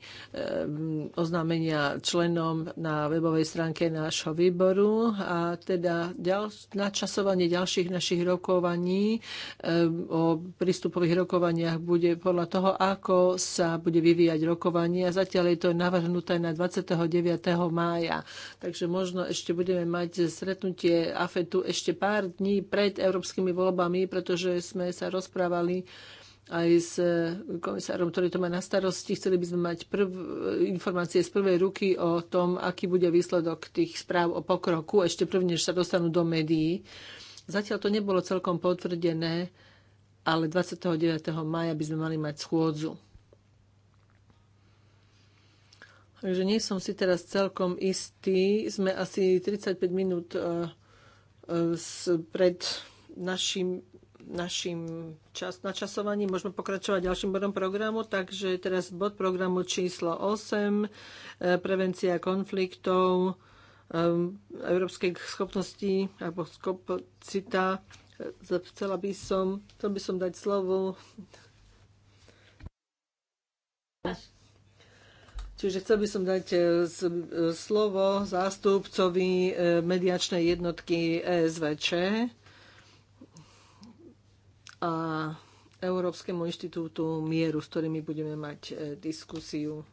oznámenia členom na webovej stránke nášho výboru a teda ďal, načasovanie ďalších našich rokovaní o prístupových rokovaniach bude podľa toho, ako sa bude vyvíjať rokovania. Zatiaľ je to navrhnuté na 29. mája. Takže možno ešte budeme mať stretnutie AFETu ešte pár dní pred európskymi voľbami, pretože sme sa rozprávali aj s komisárom, ktorý to má na starosti. Chceli by sme mať prv, informácie z prvej ruky o tom, aký bude výsledok tých správ o pokroku, ešte prvne, než sa dostanú do médií. Zatiaľ to nebolo celkom potvrdené, ale 29. maja by sme mali mať schôdzu. Takže nie som si teraz celkom istý. Sme asi 35 minút e, e, pred našim, našim čas, načasovaním. Môžeme pokračovať ďalším bodom programu. Takže teraz bod programu číslo 8, e, prevencia konfliktov, európskej schopnosti alebo skopcita. Chcela by som, chcel by som dať slovo Čiže chcel by som dať e, e, slovo zástupcovi e, mediačnej jednotky ESVČ a Európskemu inštitútu mieru, s ktorými budeme mať diskusiu.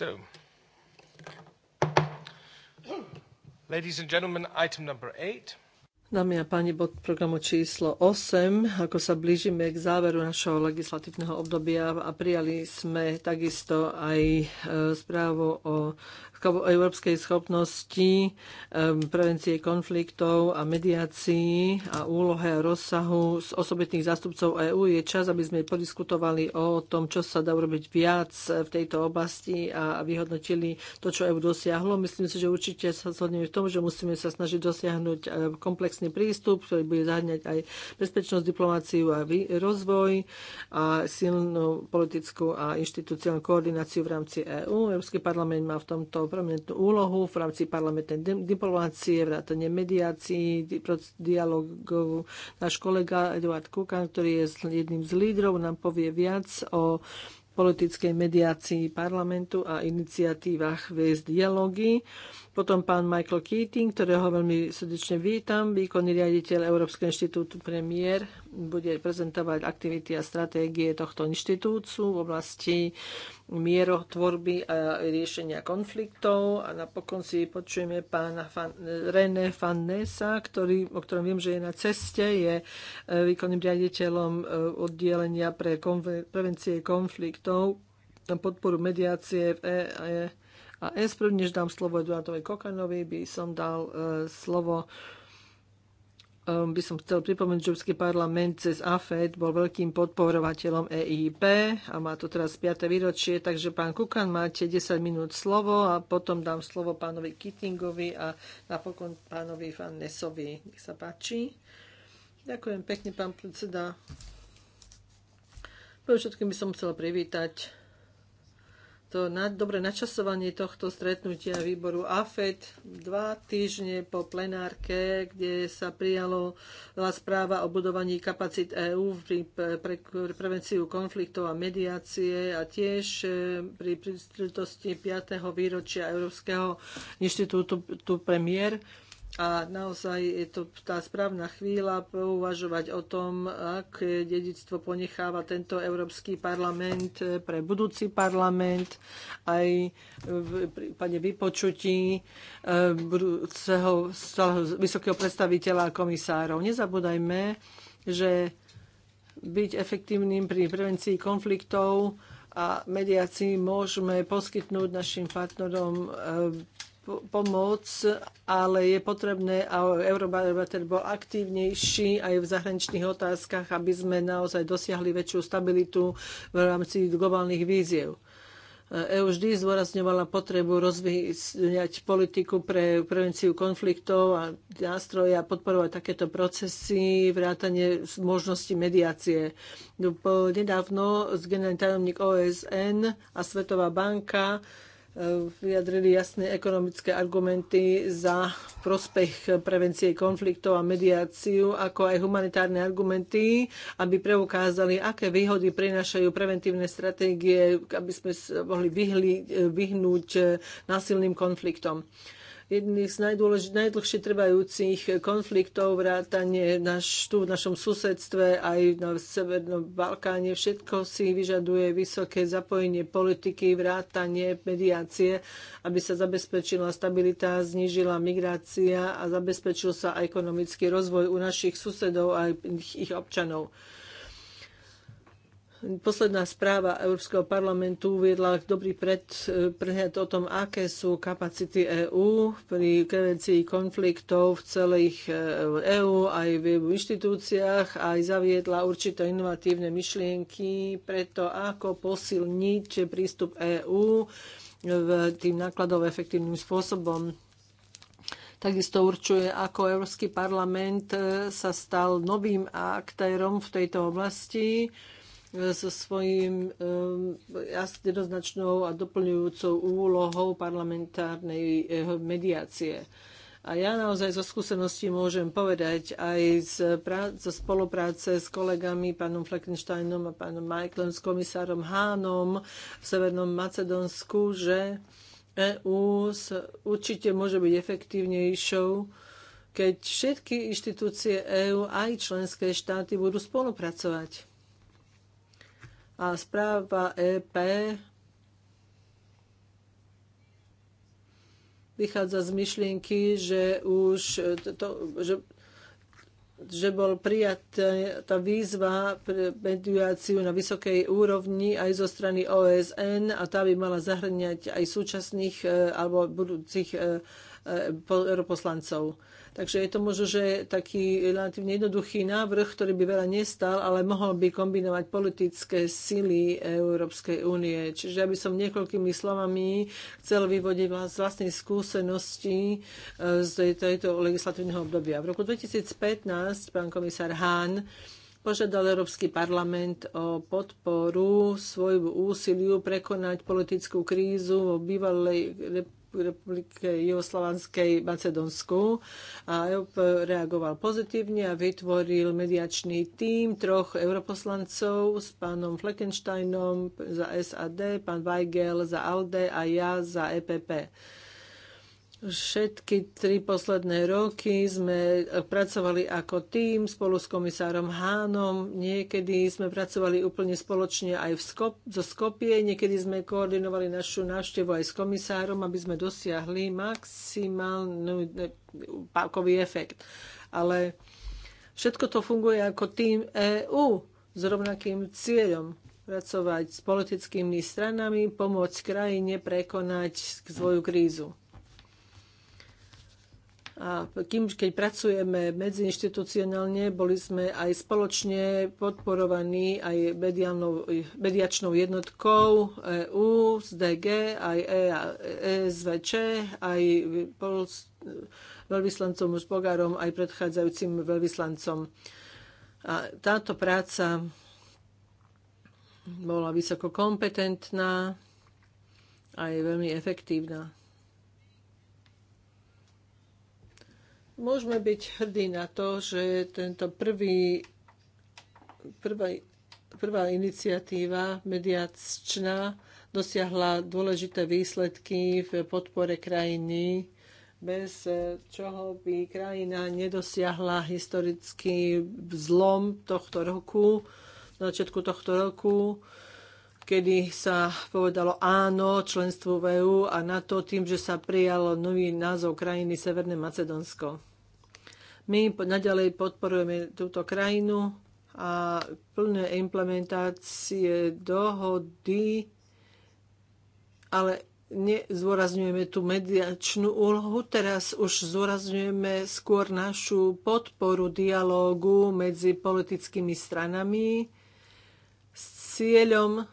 So, ladies and gentlemen, item number eight. Dámy a páni, bod programu číslo 8. Ako sa blížime k záveru našho legislatívneho obdobia a prijali sme takisto aj e, správu o európskej schopnosti e, prevencie konfliktov a mediácií a úlohe a rozsahu z osobitných zástupcov EÚ. Je čas, aby sme podiskutovali o tom, čo sa dá urobiť viac v tejto oblasti a vyhodnotili to, čo EÚ dosiahlo. Myslím si, že určite sa zhodneme v tom, že musíme sa snažiť dosiahnuť e, komplexné komplexný prístup, ktorý bude zahňať aj bezpečnosť, diplomáciu a rozvoj a silnú politickú a inštitúciálnu koordináciu v rámci EÚ. Európsky parlament má v tomto prominentnú úlohu v rámci parlamentnej diplomácie, vrátane mediácií, dialogov. Náš kolega Eduard Kukan, ktorý je jedným z lídrov, nám povie viac o politickej mediácii parlamentu a iniciatívach viesť dialógy. Potom pán Michael Keating, ktorého veľmi srdečne vítam, výkonný riaditeľ Európskeho inštitútu premiér, bude prezentovať aktivity a stratégie tohto inštitútu v oblasti mierotvorby a riešenia konfliktov. A napokon si počujeme pána fan, René Fannesa, ktorý, o ktorom viem, že je na ceste, je e, výkonným riaditeľom e, oddelenia pre konven- prevencie konfliktov podporu mediácie v e- a esprv, než dám slovo Eduardovi Kokanovi, by som dal uh, slovo e, by som chcel pripomenúť, že Európsky parlament cez AFED bol veľkým podporovateľom EIP a má to teraz 5. výročie, takže pán Kukan, máte 10 minút slovo a potom dám slovo pánovi Kittingovi a napokon pánovi Van Nesovi. Nech sa páči. Ďakujem pekne, pán predseda. Pre všetkým by som chcel privítať to na, dobre načasovanie tohto stretnutia výboru AFED dva týždne po plenárke, kde sa prijalo správa o budovaní kapacít EÚ pri pre, pre, prevenciu konfliktov a mediácie a tiež e, pri príležitosti 5. výročia Európskeho inštitútu tu premiér a naozaj je to tá správna chvíľa pouvažovať o tom, aké dedictvo ponecháva tento Európsky parlament eh, pre budúci parlament aj v prípade vypočutí eh, budúceho vysokého predstaviteľa a komisárov. Nezabúdajme, že byť efektívnym pri prevencii konfliktov a mediácii môžeme poskytnúť našim partnerom eh, pomoc, ale je potrebné, a Eurobarometer bol aktívnejší aj v zahraničných otázkach, aby sme naozaj dosiahli väčšiu stabilitu v rámci globálnych víziev. EU e vždy zdôrazňovala potrebu rozvíjať politiku pre prevenciu konfliktov a nástroje a podporovať takéto procesy, vrátanie možnosti mediácie. Nedávno generálny tajomník OSN a Svetová banka vyjadrili jasné ekonomické argumenty za prospech prevencie konfliktov a mediáciu, ako aj humanitárne argumenty, aby preukázali, aké výhody prinášajú preventívne stratégie, aby sme mohli vyhli, vyhnúť eh, násilným konfliktom jedných z najdlhšie trvajúcich konfliktov, vrátanie naš, tu v našom susedstve, aj na Severnom Balkáne. Všetko si vyžaduje vysoké zapojenie politiky, vrátanie mediácie, aby sa zabezpečila stabilita, znížila migrácia a zabezpečil sa ekonomický rozvoj u našich susedov a ich občanov. Posledná správa Európskeho parlamentu uviedla dobrý pred, prehľad o tom, aké sú kapacity EÚ pri prevencii konfliktov v celých EÚ e aj v e inštitúciách, aj zaviedla určité inovatívne myšlienky preto, ako posilniť prístup EÚ tým nákladov efektívnym spôsobom. Takisto určuje, ako Európsky parlament e, sa stal novým aktérom v tejto oblasti so svojím um, jasne jednoznačnou a doplňujúcou úlohou parlamentárnej eh, mediácie. A ja naozaj zo skúseností môžem povedať aj z, prá- zo spolupráce s kolegami, pánom Fleckensteinom a pánom Michaelom, s komisárom Hánom v Severnom Macedónsku, že EÚ určite môže byť efektívnejšou, keď všetky inštitúcie EÚ aj členské štáty budú spolupracovať a správa EP vychádza z myšlienky, že už to, že, že bol prijatá e, tá výzva pre mediáciu na vysokej úrovni aj zo strany OSN a tá by mala zahrňať aj súčasných e, alebo budúcich e, europoslancov. Takže je to možno, že taký relatívne jednoduchý návrh, ktorý by veľa nestal, ale mohol by kombinovať politické sily Európskej únie. Čiže ja by som niekoľkými slovami chcel vyvodiť z vlastnej skúsenosti eh, z tejto legislatívneho obdobia. V roku 2015 pán komisár Hahn požiadal Európsky parlament o podporu svojmu úsiliu prekonať politickú krízu v bývalej republike Jugoslovanskej Macedónsku. A EOP reagoval pozitívne a vytvoril mediačný tím troch europoslancov s pánom Fleckensteinom za SAD, pán Weigel za ALDE a ja za EPP. Všetky tri posledné roky sme e, pracovali ako tým spolu s komisárom Hánom. Niekedy sme pracovali úplne spoločne aj v Skop, zo Skopie. Niekedy sme koordinovali našu návštevu aj s komisárom, aby sme dosiahli maximálny e, pákový efekt. Ale všetko to funguje ako tým EÚ s rovnakým cieľom pracovať s politickými stranami, pomôcť krajine prekonať svoju krízu. A kým, keď pracujeme medziinstitucionálne, boli sme aj spoločne podporovaní aj mediačnou jednotkou EU, SDG, aj ESVČ, e aj veľvyslancom s Bogárom, aj predchádzajúcim veľvyslancom. A táto práca bola vysoko kompetentná a je veľmi efektívna. Môžeme byť hrdí na to, že tento prvý, prvá, prvá iniciatíva mediačná dosiahla dôležité výsledky v podpore krajiny, bez čoho by krajina nedosiahla historický zlom tohto roku, začiatku tohto roku, kedy sa povedalo áno členstvu v EÚ a na to tým, že sa prijalo nový názov krajiny Severné Macedónsko. My naďalej podporujeme túto krajinu a plné implementácie dohody, ale nezôrazňujeme tú mediačnú úlohu, teraz už zôrazňujeme skôr našu podporu dialógu medzi politickými stranami s cieľom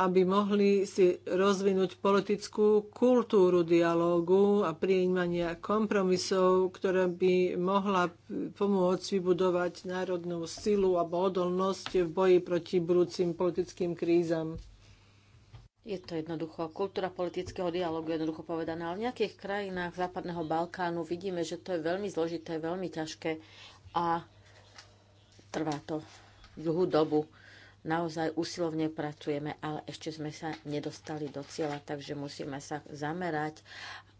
aby mohli si rozvinúť politickú kultúru dialógu a prijímania kompromisov, ktorá by mohla pomôcť vybudovať národnú silu alebo odolnosť v boji proti budúcim politickým krízam. Je to jednoducho kultúra politického dialogu, jednoducho povedaná, ale v nejakých krajinách Západného Balkánu vidíme, že to je veľmi zložité, veľmi ťažké a trvá to dlhú dobu naozaj usilovne pracujeme, ale ešte sme sa nedostali do cieľa, takže musíme sa zamerať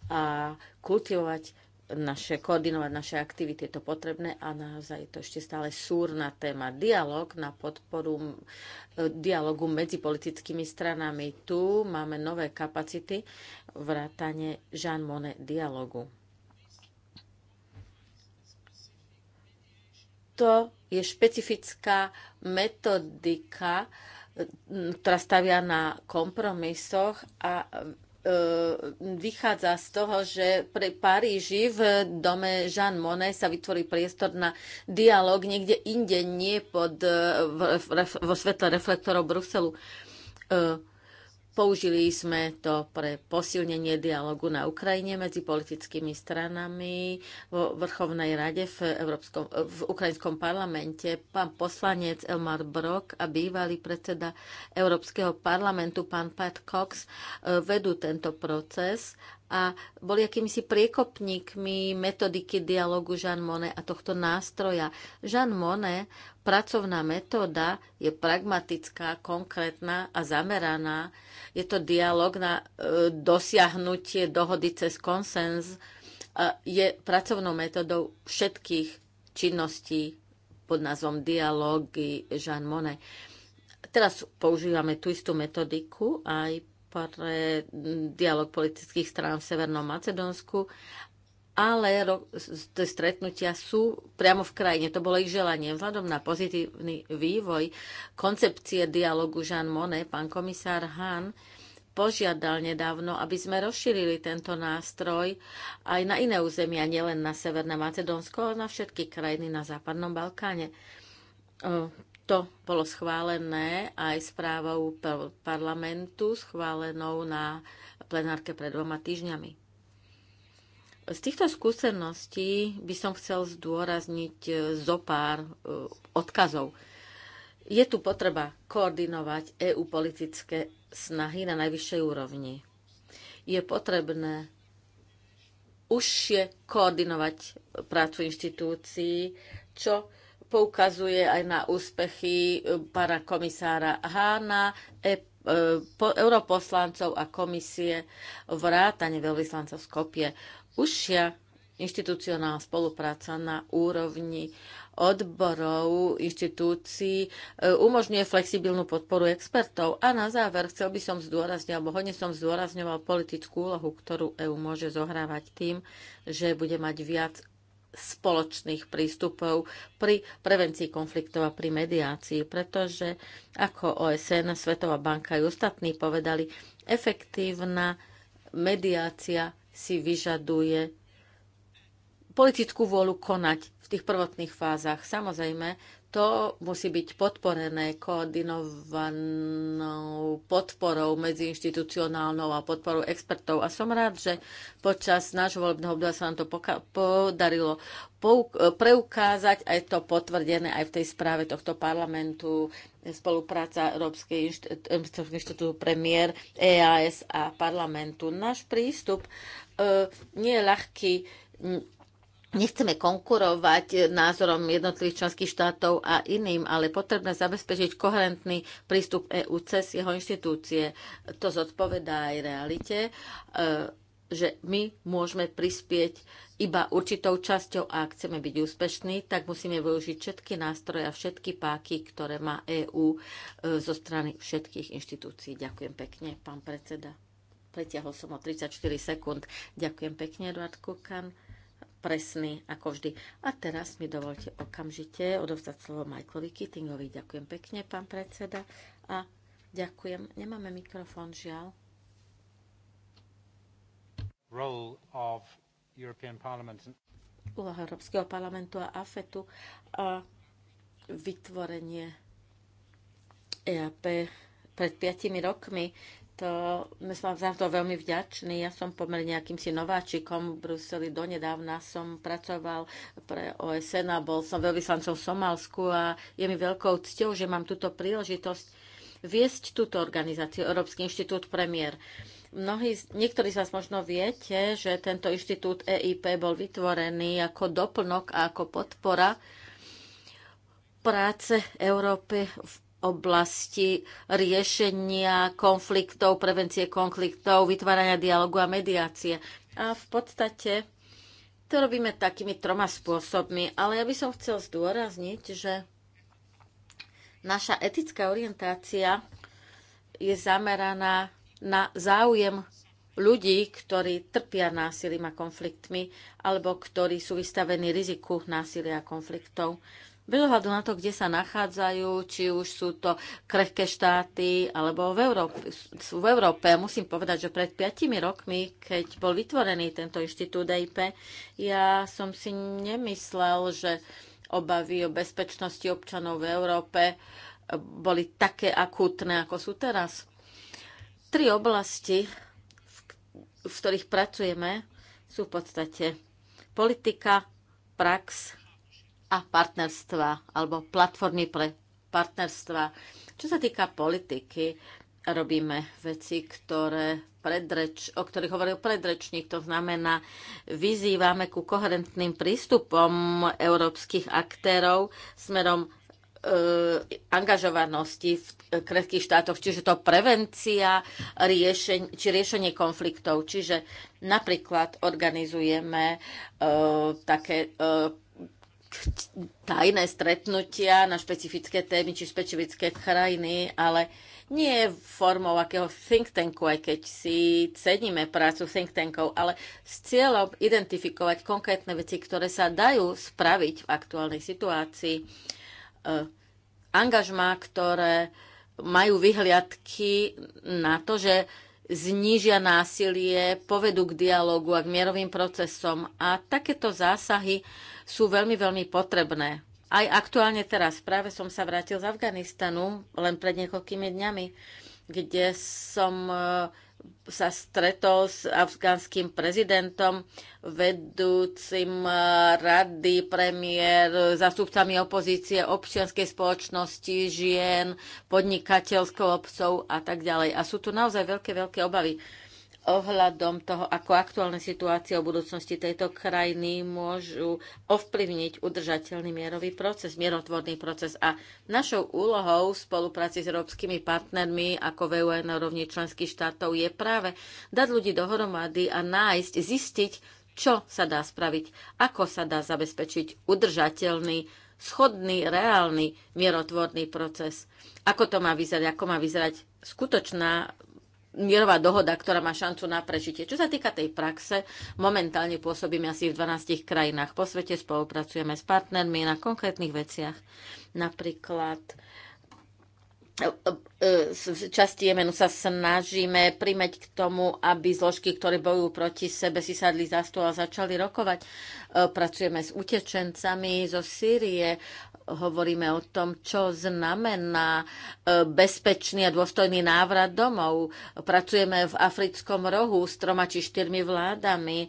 a kultivovať naše, koordinovať naše aktivity, je to potrebné a naozaj je to ešte stále súrna téma. Dialóg na podporu e, dialogu medzi politickými stranami. Tu máme nové kapacity vrátane Jean Monnet dialogu. To je špecifická metodika, ktorá stavia na kompromisoch a e, vychádza z toho, že pre Paríži v dome Jean Monnet sa vytvorí priestor na dialog niekde inde, nie pod, e, vo svetle reflektorov Bruselu. E, Použili sme to pre posilnenie dialogu na Ukrajine medzi politickými stranami vo Vrchovnej rade v, Európskom, v Ukrajinskom parlamente. Pán poslanec Elmar Brok a bývalý predseda Európskeho parlamentu, pán Pat Cox, eh, vedú tento proces a boli akýmisi priekopníkmi metodiky dialogu Jean Monnet a tohto nástroja. Jean Monnet, pracovná metóda, je pragmatická, konkrétna a zameraná. Je to dialog na e, dosiahnutie dohody cez konsenz. A je pracovnou metodou všetkých činností pod názvom dialógy Jean Monnet. Teraz používame tú istú metodiku aj pre dialog politických strán v Severnom Macedónsku, ale tie stretnutia sú priamo v krajine. To bolo ich želanie. Vzhľadom na pozitívny vývoj koncepcie dialogu Jean Monnet, pán komisár Hahn požiadal nedávno, aby sme rozšírili tento nástroj aj na iné územia, nielen na Severné Macedónsko, ale na všetky krajiny na Západnom Balkáne to bolo schválené aj správou parlamentu, schválenou na plenárke pred dvoma týždňami. Z týchto skúseností by som chcel zdôrazniť e, zo pár e, odkazov. Je tu potreba koordinovať EU politické snahy na najvyššej úrovni. Je potrebné užšie koordinovať prácu inštitúcií, čo poukazuje aj na úspechy e, pána komisára Hána, e, e, po, europoslancov a komisie vrátane veľvyslancov Skopie. Užšia inštitucionálna spolupráca na úrovni odborov, inštitúcií e, umožňuje flexibilnú podporu expertov. A na záver chcel by som zdôrazniť, alebo hodne som zdôrazňoval politickú úlohu, ktorú EÚ môže zohrávať tým, že bude mať viac spoločných prístupov pri prevencii konfliktov a pri mediácii, pretože ako OSN, Svetová banka aj ostatní povedali, efektívna mediácia si vyžaduje politickú vôľu konať v tých prvotných fázach. Samozrejme, to musí byť podporené koordinovanou podporou medziinstitucionálnou a podporou expertov. A som rád, že počas nášho volebného obdobia sa nám to podarilo preukázať a je to potvrdené aj v tej správe tohto parlamentu spolupráca Európskej inštitútu premiér, EAS a parlamentu. Náš prístup e, nie je ľahký Nechceme konkurovať názorom jednotlivých členských štátov a iným, ale potrebné zabezpečiť koherentný prístup EU cez jeho inštitúcie. To zodpovedá aj realite, e, že my môžeme prispieť iba určitou časťou a ak chceme byť úspešní, tak musíme využiť všetky nástroje a všetky páky, ktoré má EÚ e, zo strany všetkých inštitúcií. Ďakujem pekne, pán predseda. Pretiahol som o 34 sekúnd. Ďakujem pekne, Eduard Kukan presný, ako vždy. A teraz mi dovolte okamžite odovzdať slovo Michaelovi Kittingovi. Ďakujem pekne, pán predseda. A ďakujem. Nemáme mikrofón, žiaľ. Úloha Európskeho parlamentu a AFETu a vytvorenie EAP pred piatimi rokmi to, my som za to veľmi vďační. Ja som pomerne akýmsi nováčikom v Bruseli. Donedávna som pracoval pre OSN a bol som veľvyslancom v Somálsku a je mi veľkou cťou, že mám túto príležitosť viesť túto organizáciu, Európsky inštitút premiér. Mnohí, niektorí z vás možno viete, že tento inštitút EIP bol vytvorený ako doplnok a ako podpora práce Európy v oblasti riešenia konfliktov, prevencie konfliktov, vytvárania dialogu a mediácie. A v podstate to robíme takými troma spôsobmi, ale ja by som chcel zdôrazniť, že naša etická orientácia je zameraná na záujem ľudí, ktorí trpia násilím a konfliktmi alebo ktorí sú vystavení riziku násilia a konfliktov. Bez ohľadu na to, kde sa nachádzajú, či už sú to krehké štáty alebo v Európe. V Európe musím povedať, že pred piatimi rokmi, keď bol vytvorený tento inštitút EIP, ja som si nemyslel, že obavy o bezpečnosti občanov v Európe boli také akútne, ako sú teraz. Tri oblasti, v ktorých pracujeme, sú v podstate politika, prax a partnerstva alebo platformy pre partnerstva. Čo sa týka politiky, robíme veci, ktoré predreč, o ktorých hovoril predrečník. To znamená, vyzývame ku koherentným prístupom európskych aktérov smerom e, angažovanosti v krehkých štátoch, čiže to prevencia riešen, či riešenie konfliktov. Čiže napríklad organizujeme uh, také uh, tajné stretnutia na špecifické témy či špecifické krajiny, ale nie formou akého think tanku, aj keď si ceníme prácu think tankov, ale s cieľom identifikovať konkrétne veci, ktoré sa dajú spraviť v aktuálnej situácii. E, angažmá, ktoré majú vyhliadky na to, že znížia násilie, povedú k dialogu a k mierovým procesom a takéto zásahy sú veľmi, veľmi potrebné. Aj aktuálne teraz, práve som sa vrátil z Afganistanu len pred niekoľkými dňami, kde som e, sa stretol s afgánským prezidentom, vedúcim e, rady, premiér, zastupcami opozície, občianskej spoločnosti, žien, podnikateľskou obcov a tak ďalej. A sú tu naozaj veľké, veľké obavy ohľadom toho, ako aktuálne situácie o budúcnosti tejto krajiny môžu ovplyvniť udržateľný mierový proces, mierotvorný proces. A našou úlohou v spolupráci s európskymi partnermi, ako VUN e EU na rovni členských štátov, je práve dať ľudí dohromady a nájsť, zistiť, čo sa dá spraviť, ako sa dá zabezpečiť udržateľný, schodný, reálny mierotvorný proces. Ako to má vyzerať, ako má vyzerať skutočná mierová dohoda, ktorá má šancu na prežitie. Čo sa týka tej praxe, momentálne pôsobíme asi v 12 krajinách po svete, spolupracujeme s partnermi na konkrétnych veciach, napríklad v e, e, časti Jemenu sa snažíme primeť k tomu, aby zložky, ktoré bojujú proti sebe, si sadli za stôl a začali rokovať. E, pracujeme s utečencami zo Sýrie, hovoríme o tom, čo znamená e, bezpečný a dôstojný návrat domov. Pracujeme v africkom rohu s troma či štyrmi vládami, e,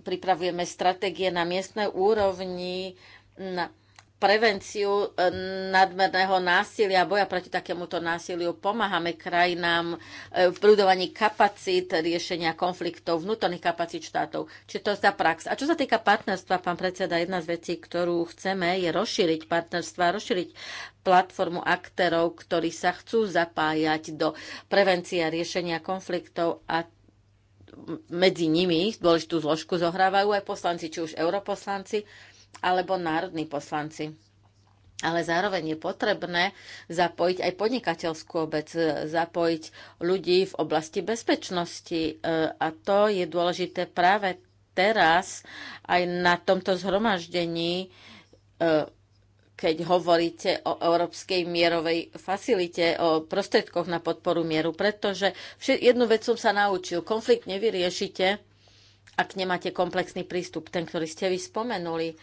pripravujeme stratégie na miestnej úrovni, na prevenciu e, nadmerného násilia, boja proti takémuto násiliu. Pomáhame krajinám e, v budovaní kapacít riešenia konfliktov, vnútorných kapacít štátov. Či to je prax. A čo sa týka partnerstva, pán predseda, jedna z vecí, ktorú chceme, je rozšíriť partnerstva, rozšíriť platformu aktérov, ktorí sa chcú zapájať do prevencie a riešenia konfliktov a medzi nimi dôležitú zložku zohrávajú aj poslanci, či už europoslanci, alebo národní poslanci. Ale zároveň je potrebné zapojiť aj podnikateľskú obec, zapojiť ľudí v oblasti bezpečnosti. E, a to je dôležité práve teraz, aj na tomto zhromaždení, e, keď hovoríte o Európskej mierovej facilite, o prostriedkoch na podporu mieru, pretože jednu vec som sa naučil. Konflikt nevyriešite, ak nemáte komplexný prístup, ten, ktorý ste vy spomenuli, e,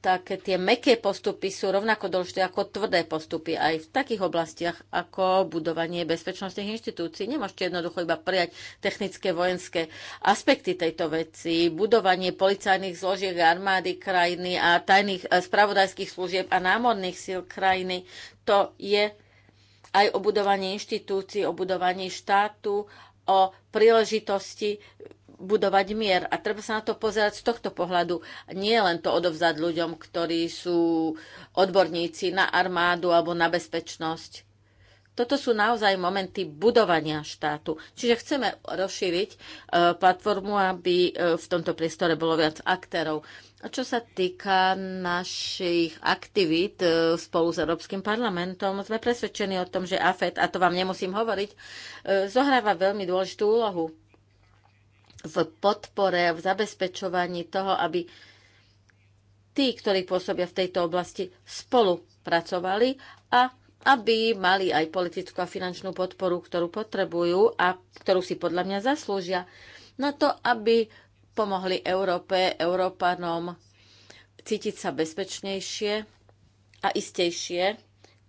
tak tie meké postupy sú rovnako dôležité ako tvrdé postupy aj v takých oblastiach ako budovanie bezpečnostných inštitúcií. Nemôžete jednoducho iba prijať technické vojenské aspekty tejto veci, budovanie policajných zložiek armády krajiny a tajných e, spravodajských služieb a námorných síl krajiny. To je aj o budovaní inštitúcií, o budovaní štátu, o príležitosti budovať mier. A treba sa na to pozerať z tohto pohľadu. Nie len to odovzdať ľuďom, ktorí sú odborníci na armádu alebo na bezpečnosť. Toto sú naozaj momenty budovania štátu. Čiže chceme rozšíriť e, platformu, aby e, v tomto priestore bolo viac aktérov. A čo sa týka našich aktivít e, spolu s Európskym parlamentom, sme presvedčení o tom, že AFET, a to vám nemusím hovoriť, zohráva veľmi dôležitú úlohu v podpore, v zabezpečovaní toho, aby tí, ktorí pôsobia v tejto oblasti, spolupracovali a aby mali aj politickú a finančnú podporu, ktorú potrebujú a ktorú si podľa mňa zaslúžia, na to, aby pomohli Európe, Európanom cítiť sa bezpečnejšie a istejšie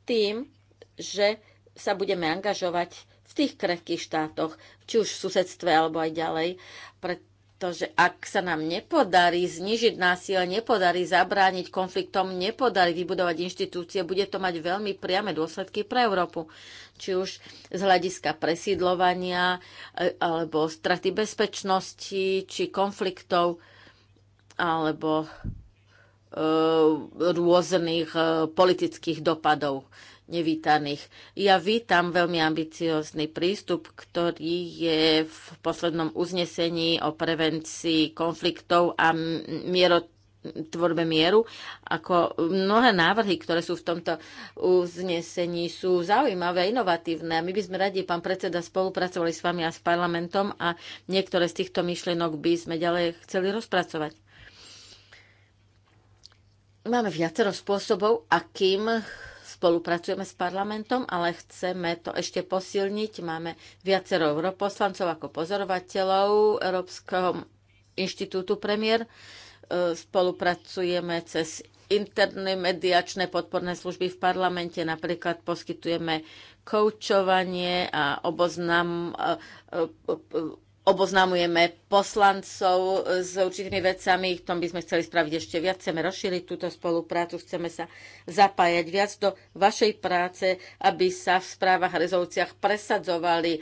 tým, že sa budeme angažovať tých krehkých štátoch, či už v susedstve alebo aj ďalej, pretože ak sa nám nepodarí znižiť násilie, nepodarí zabrániť konfliktom, nepodarí vybudovať inštitúcie, bude to mať veľmi priame dôsledky pre Európu. Či už z hľadiska presídlovania, e, alebo straty bezpečnosti, či konfliktov, alebo e, rôznych e, politických dopadov nevítaných. Ja vítam veľmi ambiciózny prístup, ktorý je v poslednom uznesení o prevencii konfliktov a mierot tvorbe mieru, ako mnohé návrhy, ktoré sú v tomto uznesení, sú zaujímavé a inovatívne. My by sme radi, pán predseda, spolupracovali s vami a s parlamentom a niektoré z týchto myšlienok by sme ďalej chceli rozpracovať. Máme viacero spôsobov, akým spolupracujeme s parlamentom, ale chceme to ešte posilniť. Máme viacero europoslancov ako pozorovateľov Európskeho inštitútu premiér. E, spolupracujeme cez interné mediačné podporné služby v parlamente. Napríklad poskytujeme koučovanie a oboznam e, e, oboznamujeme poslancov s určitými vecami, v tom by sme chceli spraviť ešte viac, chceme rozšíriť túto spoluprácu, chceme sa zapájať viac do vašej práce, aby sa v správach a rezolúciách presadzovali e,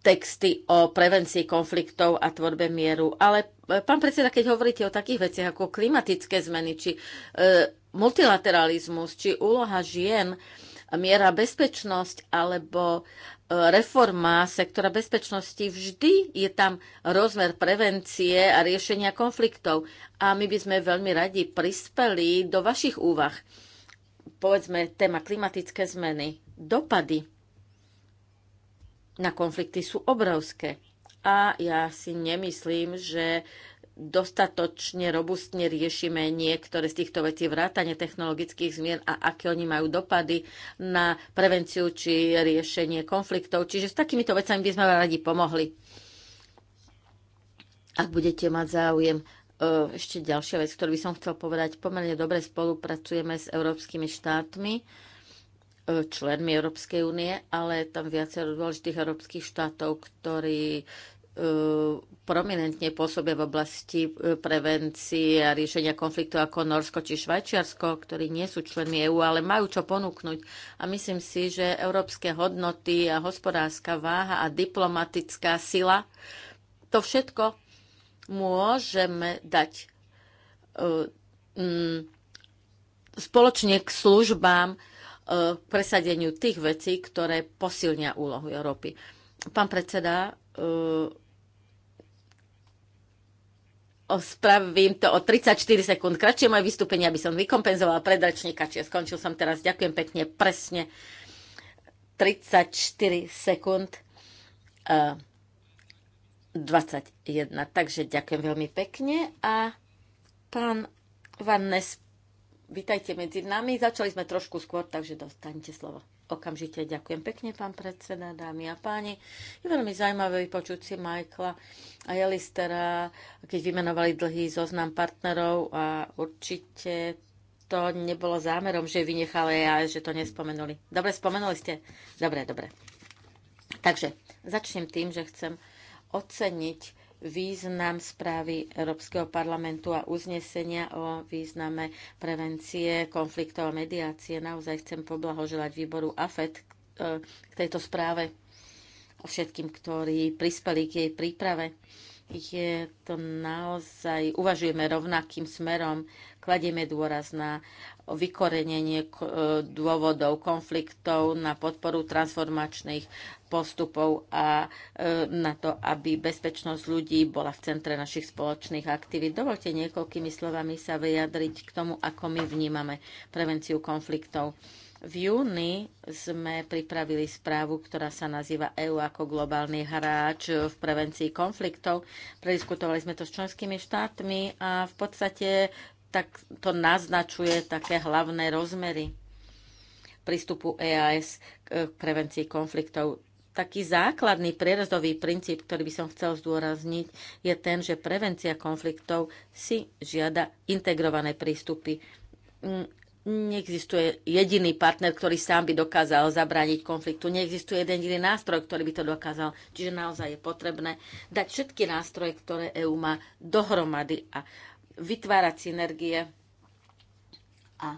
texty o prevencii konfliktov a tvorbe mieru. Ale e, pán predseda, keď hovoríte o takých veciach ako klimatické zmeny, či e, multilateralizmus, či úloha žien, miera bezpečnosť alebo reforma sektora bezpečnosti, vždy je tam rozmer prevencie a riešenia konfliktov. A my by sme veľmi radi prispeli do vašich úvah. Povedzme, téma klimatické zmeny, dopady na konflikty sú obrovské. A ja si nemyslím, že dostatočne robustne riešime niektoré z týchto vecí vrátane technologických zmien a aké oni majú dopady na prevenciu či riešenie konfliktov. Čiže s takýmito vecami by sme vám radi pomohli. Ak budete mať záujem, e, ešte ďalšia vec, ktorú by som chcel povedať. Pomerne dobre spolupracujeme s európskymi štátmi, e, členmi Európskej únie, ale tam viacero dôležitých európskych štátov, ktorí prominentne pôsobia v oblasti e, prevencie a riešenia konfliktu ako Norsko či Švajčiarsko, ktorí nie sú členmi EÚ, ale majú čo ponúknuť. A myslím si, že európske hodnoty a hospodárska váha a diplomatická sila, to všetko môžeme dať e, mm, spoločne k službám e, presadeniu tých vecí, ktoré posilnia úlohu Európy. Pán predseda, spravím to o 34 sekúnd kratšie moje vystúpenie, aby som vykompenzovala predračníka, čiže skončil som teraz. Ďakujem pekne, presne 34 sekúnd uh, 21. Takže ďakujem veľmi pekne a pán Van Vítajte medzi nami. Začali sme trošku skôr, takže dostanete slovo. Okamžite ďakujem pekne, pán predseda, dámy a páni. Je veľmi zaujímavé vypočuť si Michaela a Jelistera, keď vymenovali dlhý zoznam partnerov a určite to nebolo zámerom, že vynechali a že to nespomenuli. Dobre, spomenuli ste? Dobre, dobre. Takže začnem tým, že chcem oceniť význam správy Európskeho parlamentu a uznesenia o význame prevencie konfliktov a mediácie. Naozaj chcem poblahoželať výboru AFET e, k tejto správe a všetkým, ktorí prispeli k jej príprave. Je to naozaj, uvažujeme rovnakým smerom, kladieme dôraz na vykorenenie e, dôvodov konfliktov, na podporu transformačných postupov a e, na to, aby bezpečnosť ľudí bola v centre našich spoločných aktivít. Dovolte niekoľkými slovami sa vyjadriť k tomu, ako my vnímame prevenciu konfliktov. V júni sme pripravili správu, ktorá sa nazýva EÚ ako globálny hráč v prevencii konfliktov. Prediskutovali sme to s členskými štátmi a v podstate tak to naznačuje také hlavné rozmery prístupu EAS eh, k prevencii konfliktov. Taký základný prierazový princíp, ktorý by som chcel zdôrazniť, je ten, že prevencia konfliktov si žiada integrované prístupy. Mm, neexistuje jediný partner, ktorý sám by dokázal zabrániť konfliktu. Neexistuje jeden jediný nástroj, ktorý by to dokázal. Čiže naozaj je potrebné dať všetky nástroje, ktoré EÚ má dohromady a vytvárať synergie a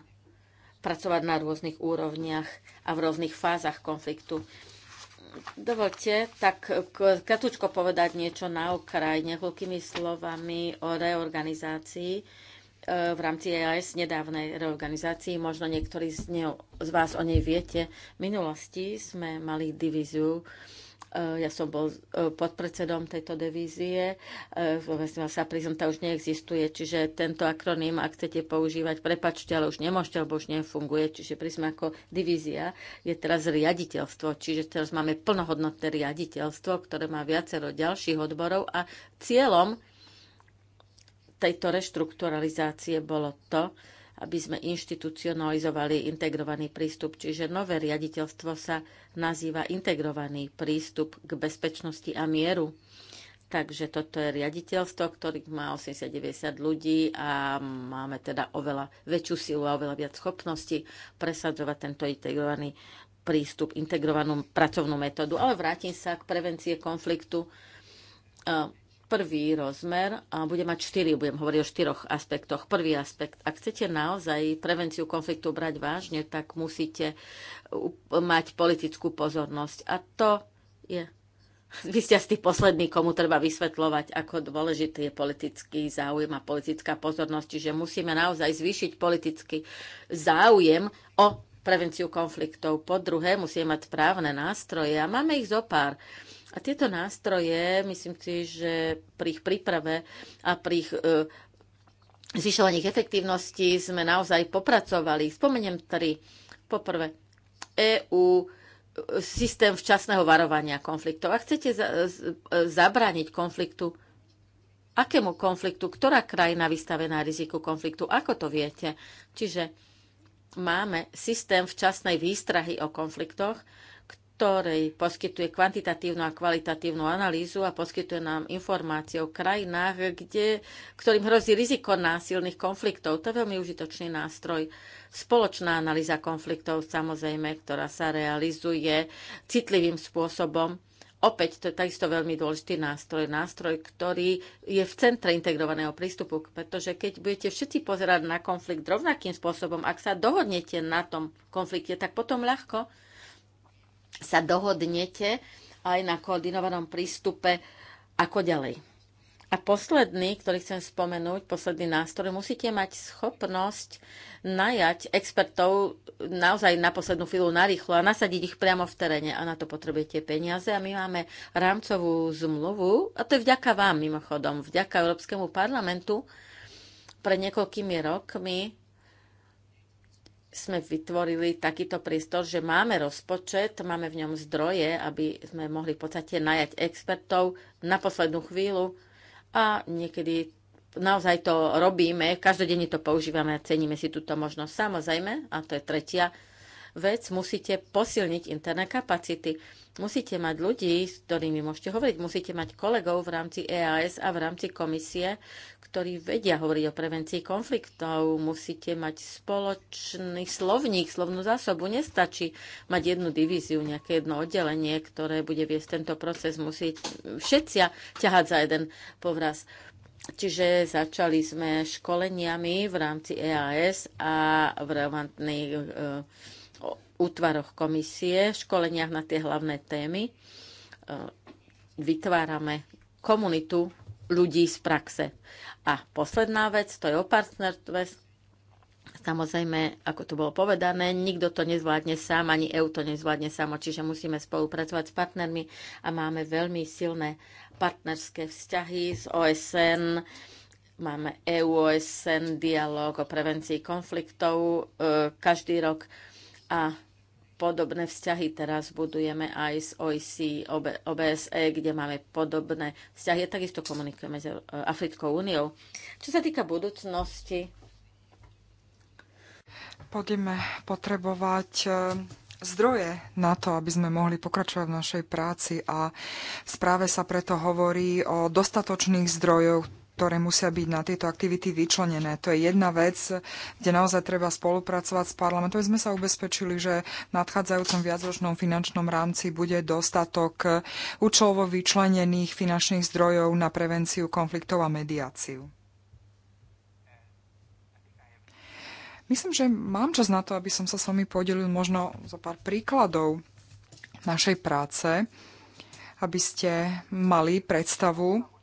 pracovať na rôznych úrovniach a v rôznych fázach konfliktu. Dovolte tak kratučko povedať niečo na okraj, niekoľkými slovami o reorganizácii e, v rámci EAS nedávnej reorganizácii. Možno niektorí z, ne, z vás o nej viete. V minulosti sme mali divíziu ja som bol e, podpredsedom tejto devízie. Vlastne sa priznám, tá už neexistuje, čiže tento akroným, ak chcete používať, prepačte, ale už nemôžete, lebo už nefunguje. Čiže prísme ako divízia je teraz riaditeľstvo, čiže teraz máme plnohodnotné riaditeľstvo, ktoré má viacero ďalších odborov a cieľom tejto reštrukturalizácie bolo to, aby sme inštitucionalizovali integrovaný prístup. Čiže nové riaditeľstvo sa nazýva integrovaný prístup k bezpečnosti a mieru. Takže toto je riaditeľstvo, ktorých má 80-90 ľudí a máme teda oveľa väčšiu silu a oveľa viac schopností presadzovať tento integrovaný prístup, integrovanú pracovnú metódu. Ale vrátim sa k prevencie konfliktu prvý rozmer a bude mať štyri, budem hovoriť o štyroch aspektoch. Prvý aspekt, ak chcete naozaj prevenciu konfliktu brať vážne, tak musíte mať politickú pozornosť. A to je... Vy ste z tých posledných, komu treba vysvetľovať, ako dôležitý je politický záujem a politická pozornosť. Čiže musíme naozaj zvýšiť politický záujem o prevenciu konfliktov. Po druhé, musíme mať správne nástroje a máme ich zo pár. Uh, a tieto nástroje, myslím si, že pri ich príprave a pri ich e, zvyšovaní ich efektívnosti sme naozaj popracovali. Spomeniem tri. Poprvé, EU e, systém včasného varovania konfliktov. Ak chcete za, z, e, zabrániť konfliktu, akému konfliktu, ktorá krajina vystavená riziku konfliktu, ako to viete. Čiže máme systém včasnej výstrahy o konfliktoch, ktorý poskytuje kvantitatívnu a kvalitatívnu analýzu a poskytuje nám informácie o krajinách, kde, ktorým hrozí riziko násilných konfliktov. To je veľmi užitočný nástroj. Spoločná analýza konfliktov, samozrejme, ktorá sa realizuje citlivým spôsobom. Opäť, to je takisto veľmi dôležitý nástroj, nástroj, ktorý je v centre integrovaného prístupu, pretože keď budete všetci pozerať na konflikt rovnakým spôsobom, ak sa dohodnete na tom konflikte, tak potom ľahko sa dohodnete aj na koordinovanom prístupe, ako ďalej. A posledný, ktorý chcem spomenúť, posledný nástroj, musíte mať schopnosť najať expertov naozaj na poslednú chvíľu narýchlo a nasadiť ich priamo v teréne. A na to potrebujete peniaze. A my máme rámcovú zmluvu, a to je vďaka vám mimochodom, vďaka Európskemu parlamentu. Pred niekoľkými rokmi sme vytvorili takýto priestor, že máme rozpočet, máme v ňom zdroje, aby sme mohli v podstate najať expertov na poslednú chvíľu a niekedy naozaj to robíme, každodenne to používame a ceníme si túto možnosť. Samozrejme, a to je tretia vec, musíte posilniť interné kapacity. Musíte mať ľudí, s ktorými môžete hovoriť, musíte mať kolegov v rámci EAS a v rámci komisie, ktorí vedia hovoriť o prevencii konfliktov, musíte mať spoločný slovník, slovnú zásobu. Nestačí mať jednu divíziu, nejaké jedno oddelenie, ktoré bude viesť tento proces. Musí všetci ťahať za jeden povraz. Čiže začali sme školeniami v rámci EAS a v relevantných eh, útvaroch komisie, školeniach na tie hlavné témy. E, vytvárame komunitu ľudí z praxe. A posledná vec, to je o partnerstve. Samozrejme, ako tu bolo povedané, nikto to nezvládne sám, ani EU to nezvládne samo, čiže musíme spolupracovať s partnermi a máme veľmi silné partnerské vzťahy s OSN, máme EU-OSN dialog o prevencii konfliktov e, každý rok a podobné vzťahy teraz budujeme aj s OIC, OBSE, kde máme podobné vzťahy. Takisto komunikujeme s e, Africkou úniou. Čo sa týka budúcnosti, budeme potrebovať e, zdroje na to, aby sme mohli pokračovať v našej práci a v správe sa preto hovorí o dostatočných zdrojoch, ktoré musia byť na tieto aktivity vyčlenené. To je jedna vec, kde naozaj treba spolupracovať s parlamentom. Sme sa ubezpečili, že v nadchádzajúcom viacročnom finančnom rámci bude dostatok účelovo vyčlenených finančných zdrojov na prevenciu konfliktov a mediáciu. Myslím, že mám čas na to, aby som sa s vami podelil možno za pár príkladov našej práce, aby ste mali predstavu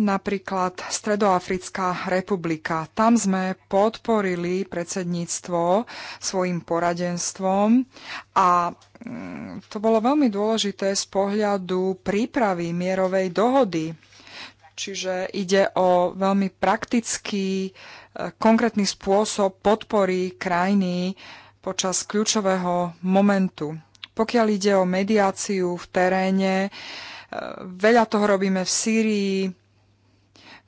napríklad Stredoafrická republika. Tam sme podporili predsedníctvo svojim poradenstvom a mm, to bolo veľmi dôležité z pohľadu prípravy mierovej dohody. Čiže ide o veľmi praktický, e, konkrétny spôsob podpory krajiny počas kľúčového momentu. Pokiaľ ide o mediáciu v teréne, e, veľa toho robíme v Sýrii,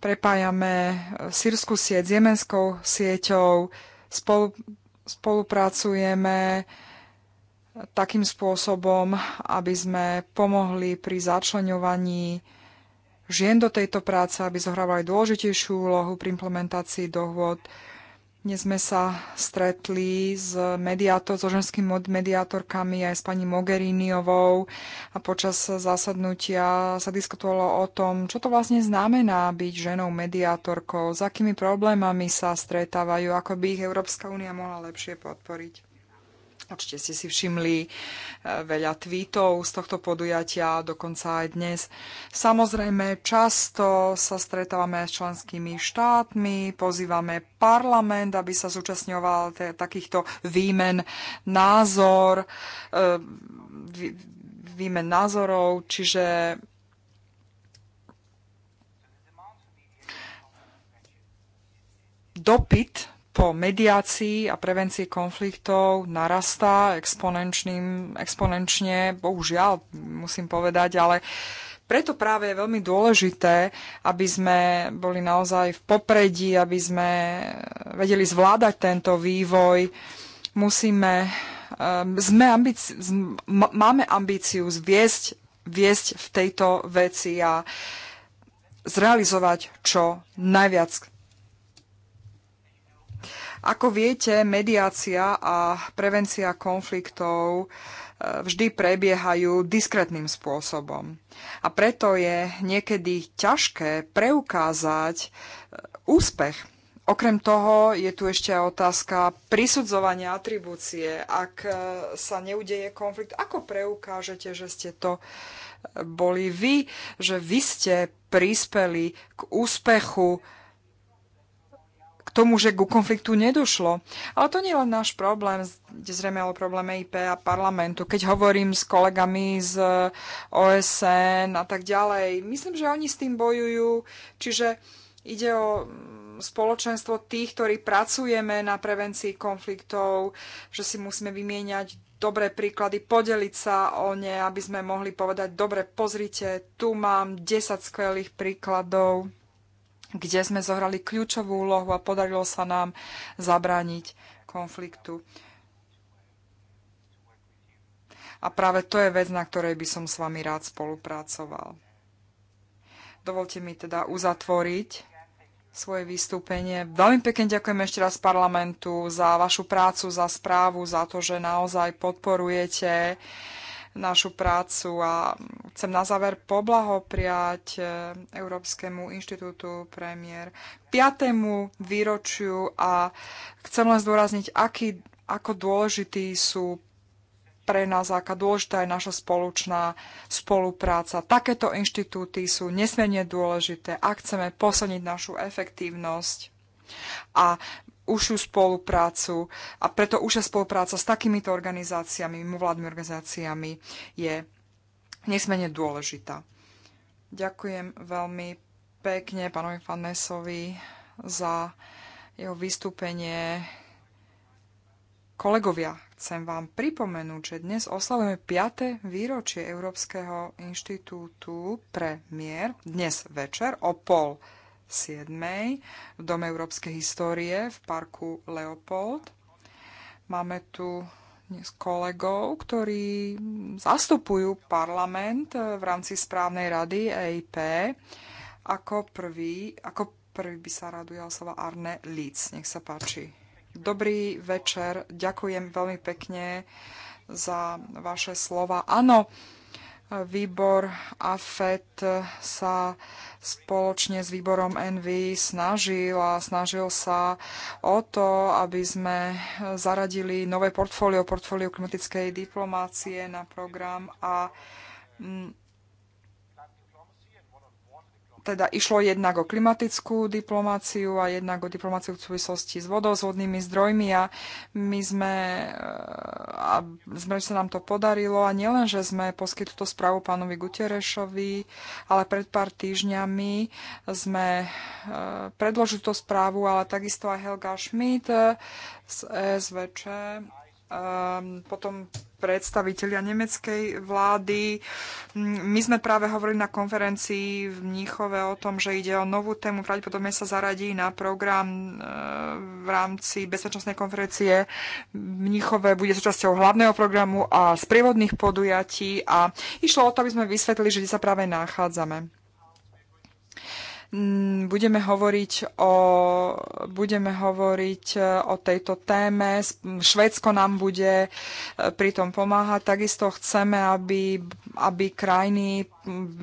prepájame e, sírsku sieť s jemenskou sieťou, spolu, spolupracujeme takým spôsobom, aby sme pomohli pri začlenovaní žien do tejto práce, aby zohrávali dôležitejšiu úlohu pri implementácii dohôd. Dnes sme sa stretli s mediátor, so ženskými mediátorkami aj s pani Mogheriniovou a počas zasadnutia sa diskutovalo o tom, čo to vlastne znamená byť ženou mediátorkou, s akými problémami sa stretávajú, ako by ich Európska únia mohla lepšie podporiť. Určite ste si všimli eh, veľa tweetov z tohto podujatia, dokonca aj dnes. Samozrejme, často sa stretávame s členskými štátmi, pozývame parlament, aby sa zúčastňoval takýchto výmen názor, eh, výmen názorov, čiže dopyt po mediácii a prevencii konfliktov narastá exponenčne, bohužiaľ, musím povedať, ale preto práve je veľmi dôležité, aby sme boli naozaj v popredí, aby sme vedeli zvládať tento vývoj. Musíme, ehm, sme ambici- máme ambíciu zviesť, viesť v tejto veci a zrealizovať čo najviac ako viete, mediácia a prevencia konfliktov e, vždy prebiehajú diskrétnym spôsobom. A preto je niekedy ťažké preukázať e, úspech. Okrem toho je tu ešte otázka prisudzovania atribúcie. Ak e, sa neudeje konflikt, ako preukážete, že ste to boli vy, že vy ste prispeli k úspechu tomu, že ku konfliktu nedošlo. Ale to nie je len náš problém, kde zrejme ale problém EIP a parlamentu. Keď hovorím s kolegami z OSN a tak ďalej, myslím, že oni s tým bojujú, čiže ide o spoločenstvo tých, ktorí pracujeme na prevencii konfliktov, že si musíme vymieňať dobré príklady, podeliť sa o ne, aby sme mohli povedať, dobre, pozrite, tu mám 10 skvelých príkladov kde sme zohrali kľúčovú úlohu a podarilo sa nám zabrániť konfliktu. A práve to je vec, na ktorej by som s vami rád spolupracoval. Dovolte mi teda uzatvoriť svoje vystúpenie. Veľmi pekne ďakujem ešte raz parlamentu za vašu prácu, za správu, za to, že naozaj podporujete uh, našu prácu a chcem na záver poblahopriať e, Európskemu inštitútu premiér piatému výročiu a chcem len zdôrazniť, aký, ako dôležitý sú pre nás, aká dôležitá je naša spoločná spolupráca. Takéto inštitúty sú nesmierne dôležité, ak chceme posilniť našu efektívnosť a užšiu spoluprácu a preto užšia spolupráca s takýmito organizáciami, mimovládnymi organizáciami je nesmene dôležitá. Ďakujem veľmi pekne pánovi Fannesovi za jeho vystúpenie. Kolegovia, chcem vám pripomenúť, že dnes oslavujeme 5. výročie Európskeho inštitútu pre mier. Dnes večer o pol v Dome európskej histórie v parku Leopold. Máme tu kolegov, ktorí zastupujú parlament v rámci správnej rady EIP. Ako prvý, ako prvý by sa rád ujal slova Arne Líc. Nech sa páči. Dobrý večer, ďakujem veľmi pekne za vaše slova. Áno, Výbor AFET sa spoločne s výborom NV snažil a snažil sa o to, aby sme zaradili nové portfólio, portfólio klimatickej diplomácie na program a mm, teda išlo jednak o klimatickú diplomáciu a jednak o diplomáciu v súvislosti s vodou, s vodnými zdrojmi a my sme, e, a sme, sa nám to podarilo a nielen, že sme poskytli túto správu pánovi Guterešovi, ale pred pár týždňami sme e, predložili túto správu, ale takisto aj Helga Schmidt z e SVČ um, potom predstavitelia nemeckej vlády. Mm, my sme práve hovorili na konferencii v Mníchove o tom, že ide o novú tému, pravdepodobne sa zaradí na program eh, v rámci bezpečnostnej konferencie. Mníchove bude súčasťou hlavného programu a sprievodných podujatí a išlo o to, aby sme vysvetlili, že kde sa práve nachádzame. Mm, budeme hovoriť o, budeme hovoriť e, o tejto téme. Švédsko nám bude e, pri tom pomáhať. Takisto chceme, aby, aby krajiny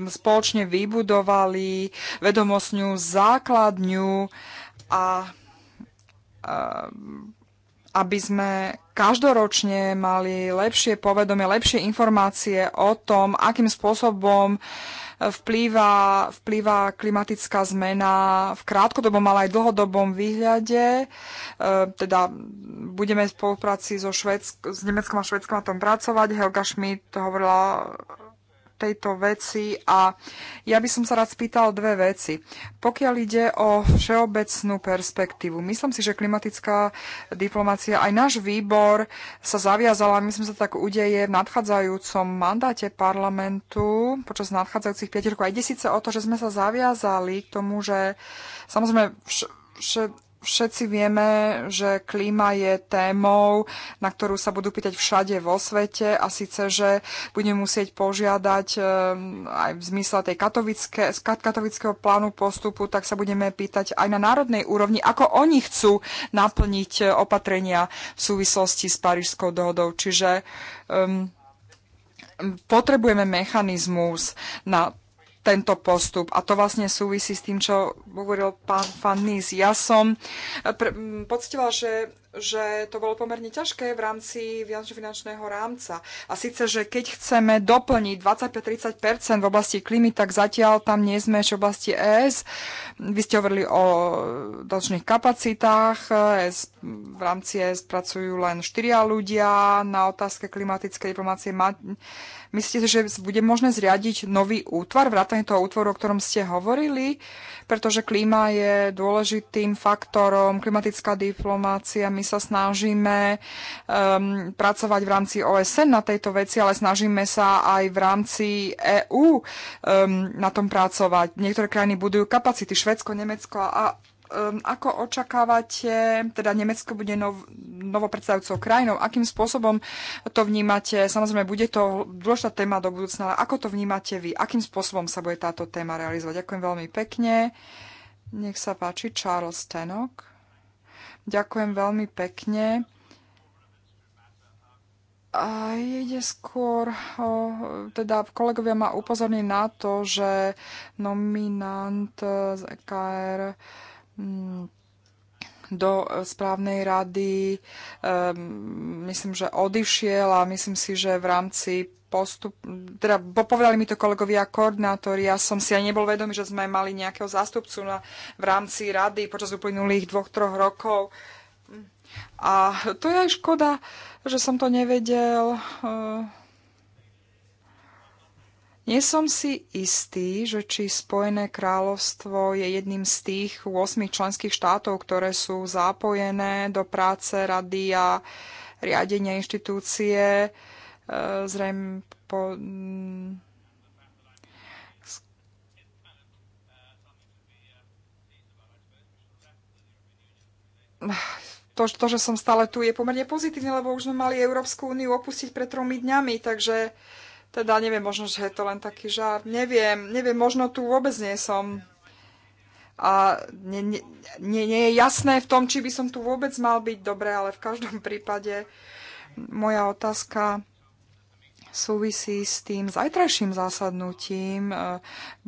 spoločne vybudovali vedomostňu základňu a e, aby sme každoročne mali lepšie povedomie, lepšie informácie o tom, akým spôsobom uh, vplýva, vplýva klimatická zmena v krátkodobom, ale aj dlhodobom výhľade. E, teda budeme v spolupráci so Švédsk s Nemeckom a Švedskom na tom pracovať. Helga Schmidt hovorila tejto veci a ja by som sa rád spýtal dve veci. Pokiaľ ide o všeobecnú perspektívu, myslím si, že klimatická diplomácia, aj náš výbor sa zaviazala, myslím sa tak udeje v nadchádzajúcom mandáte parlamentu počas nadchádzajúcich 5 rokov, aj desice o to, že sme sa zaviazali k tomu, že samozrejme vš- vš- všetci vieme, že klíma je témou, na ktorú sa budú pýtať všade vo svete a síce, že budeme musieť požiadať eh, aj v zmysle tej katovické, katovického plánu postupu, tak sa budeme pýtať aj na národnej úrovni, ako oni chcú naplniť eh, opatrenia v súvislosti s Parížskou dohodou. Čiže um, potrebujeme mechanizmus na tento postup. A to vlastne súvisí s tým, čo hovoril pán Fanny. Ja som pocitila, že že to bolo pomerne ťažké v rámci finančného rámca. A síce, že keď chceme doplniť 25-30 v oblasti klímy, tak zatiaľ tam nie sme ešte v oblasti ES. Vy ste hovorili o dočných kapacitách. ES, v rámci ES pracujú len štyria ľudia na otázke klimatickej diplomácie. Myslíte, že bude možné zriadiť nový útvar, vrátane toho útvoru, o ktorom ste hovorili? Pretože klíma je dôležitým faktorom, klimatická diplomácia my sa snažíme um, pracovať v rámci OSN na tejto veci, ale snažíme sa aj v rámci EÚ um, ehm, na tom pracovať. Niektoré krajiny budujú kapacity, Švedsko, Nemecko a um, ako očakávate, teda Nemecko bude nov, novopredstavujúcou krajinou, akým spôsobom to vnímate, samozrejme bude to dôležitá téma do budúcna, ale ako to vnímate vy, akým spôsobom sa bude táto téma realizovať. Ďakujem veľmi pekne. Nech sa páči, Charles Tenok. Ďakujem veľmi pekne. A ide skôr, teda kolegovia ma upozorní na to, že nominant z EKR mm, do správnej rady. Um, myslím, že odišiel a myslím si, že v rámci postup, teda povedali mi to kolegovia koordinátori, ja som si aj nebol vedomý, že sme mali nejakého zástupcu na, v rámci rady počas uplynulých dvoch, troch rokov. A to je aj škoda, že som to nevedel. Uh, nie som si istý, že či Spojené kráľovstvo je jedným z tých 8 členských štátov, ktoré sú zapojené do práce rady a riadenia inštitúcie. E, zrejme po, mm, to, to, že som stále tu, je pomerne pozitívne, lebo už sme mali Európsku úniu opustiť pred tromi dňami, takže uh, teda neviem, možno, že je to len taký žár. Neviem, neviem, možno tu vôbec nie som. A nie, nie, nie, nie je jasné v tom, či by som tu vôbec mal byť dobre, ale v každom prípade moja otázka súvisí s tým zajtrajším zásadnutím. E,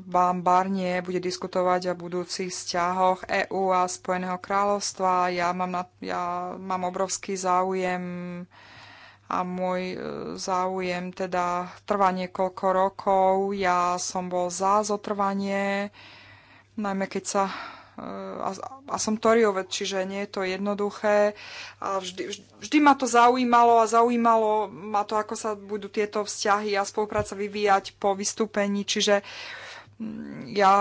Vám Barnie bude diskutovať o budúcich vzťahoch EÚ a Spojeného kráľovstva. Ja mám, na, ja mám obrovský záujem a môj e, záujem teda trvá niekoľko rokov. Ja som bol za zotrvanie, najmä keď sa e, a, a som toriovec, čiže nie je to jednoduché. A vždy, vždy, vždy ma to zaujímalo a zaujímalo ma to, ako sa budú tieto vzťahy a spolupráca vyvíjať po vystúpení. Čiže ja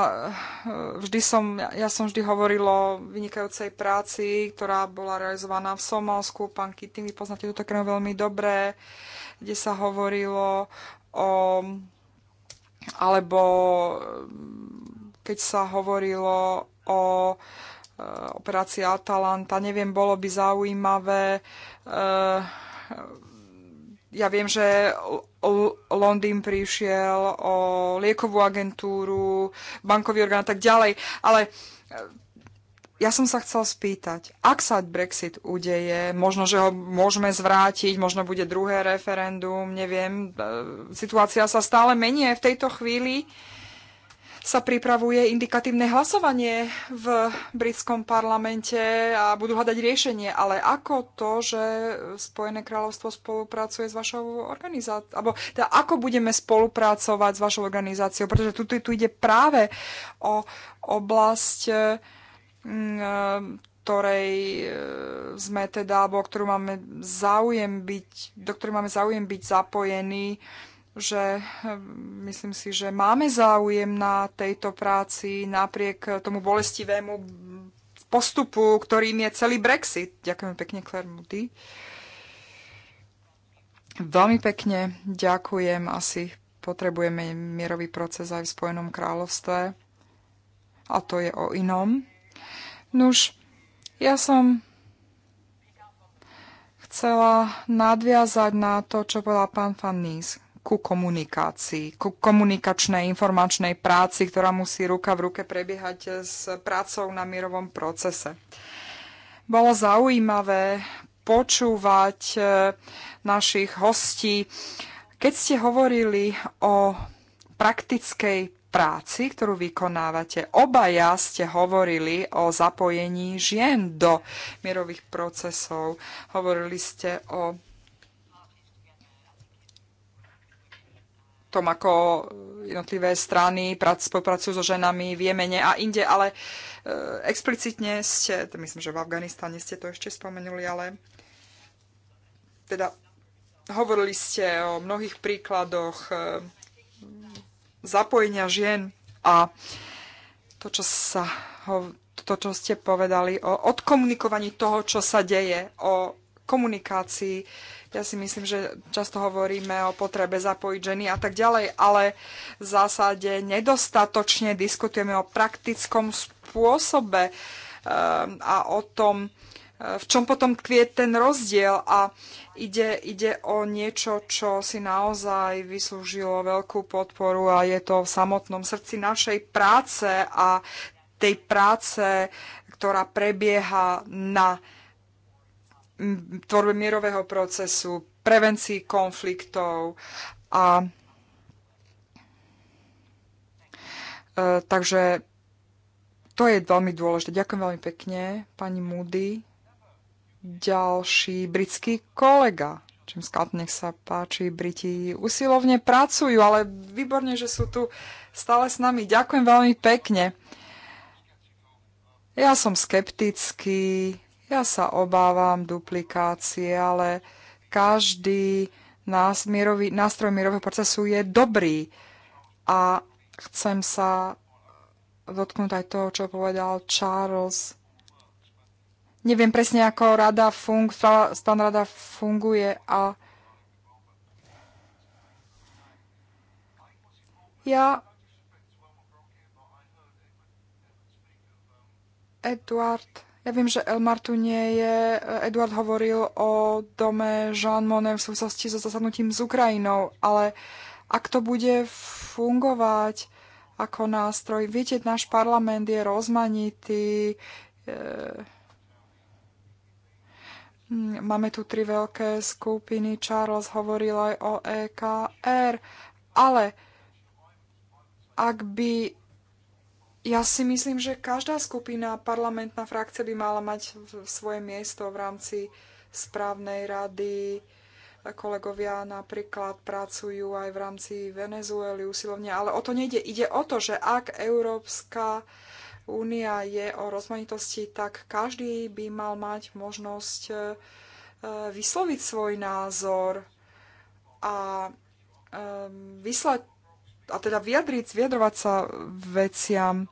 eh, vždy som, ja som vždy hovoril o vynikajúcej práci, ktorá bola realizovaná v Somálsku. Pán Kitty, vy poznáte túto krajinu veľmi dobre, kde sa hovorilo o alebo eh, keď sa hovorilo o eh, operácii Atalanta, neviem, bolo by zaujímavé. Ja viem, že Londýn prišiel, o liekovú agentúru, bankový orgán a tak ďalej. Ale eh, ja som sa chcel spýtať, ak sa Brexit udeje, možno, že ho môžeme zvrátiť, možno bude druhé referendum, neviem, eh, situácia sa stále mení aj v tejto chvíli. Uh, sa pripravuje indikatívne hlasovanie v britskom parlamente a budú hľadať riešenie. Ale ako to, že Spojené kráľovstvo spolupracuje s vašou organizáciou? Alebo teda ako budeme spolupracovať s vašou organizáciou? Pretože tu, tu, tu ide práve o oblasť e, ktorej e, sme teda, alebo ktorú máme záujem byť, do ktorej máme záujem byť zapojení že hm, myslím si, že máme záujem na tejto práci napriek tomu bolestivému postupu, ktorým je celý Brexit. Ďakujem pekne, Claire Moody. Veľmi pekne ďakujem. Asi potrebujeme mierový proces aj v Spojenom kráľovstve. A to je o inom. Nuž, ja som chcela nadviazať na to, čo bola pán Fan ku komunikácii, ku komunikačnej informačnej práci, ktorá musí ruka v ruke prebiehať s prácou na mierovom procese. Bolo zaujímavé počúvať e, našich hostí. Keď ste hovorili o praktickej práci, ktorú vykonávate, obaja ste hovorili o zapojení žien do mierových procesov. Hovorili ste o tom, ako jednotlivé strany spolupracujú so ženami v Jemene a inde, ale e, explicitne ste, to myslím, že v Afganistane ste to ešte spomenuli, ale teda hovorili ste o mnohých príkladoch e, zapojenia žien a to, čo sa to, čo ste povedali o odkomunikovaní toho, čo sa deje, o komunikácii ja si myslím, že často hovoríme o potrebe zapojiť ženy a tak ďalej, ale v zásade nedostatočne diskutujeme o praktickom spôsobe eh, a o tom, eh, v čom potom tkvie ten rozdiel a ide, ide o niečo, čo si naozaj vyslúžilo veľkú podporu a je to v samotnom srdci našej práce a tej práce, ktorá prebieha na tvorbe mierového procesu, prevencii konfliktov a e, takže to je veľmi dôležité. Ďakujem veľmi pekne, pani Moody. Ďalší britský kolega. Čím skladne, nech sa páči, Briti usilovne pracujú, ale výborne, že sú tu stále s nami. Ďakujem veľmi pekne. Ja som skeptický, ja sa obávam duplikácie, ale každý mierový, nástroj mierového procesu je dobrý. A chcem sa dotknúť aj toho, čo povedal Charles. Neviem presne, ako rada fung, stan rada funguje a ja Eduard ja viem, že Elmar tu nie je. Eduard hovoril o dome Jean Monnet v súvislosti so zasadnutím s Ukrajinou, ale ak to bude fungovať ako nástroj, viete, náš parlament je rozmanitý, e, máme tu tri veľké skupiny, Charles hovoril aj o EKR, ale ak by ja si myslím, že každá skupina, parlamentná frakcia by mala mať svoje miesto v rámci správnej rady. Kolegovia napríklad pracujú aj v rámci Venezuely usilovne, ale o to nejde. Ide o to, že ak Európska únia je o rozmanitosti, tak každý by mal mať možnosť e, vysloviť svoj názor a e, vyslať a teda vyjadriť, vyjadrovať sa veciam.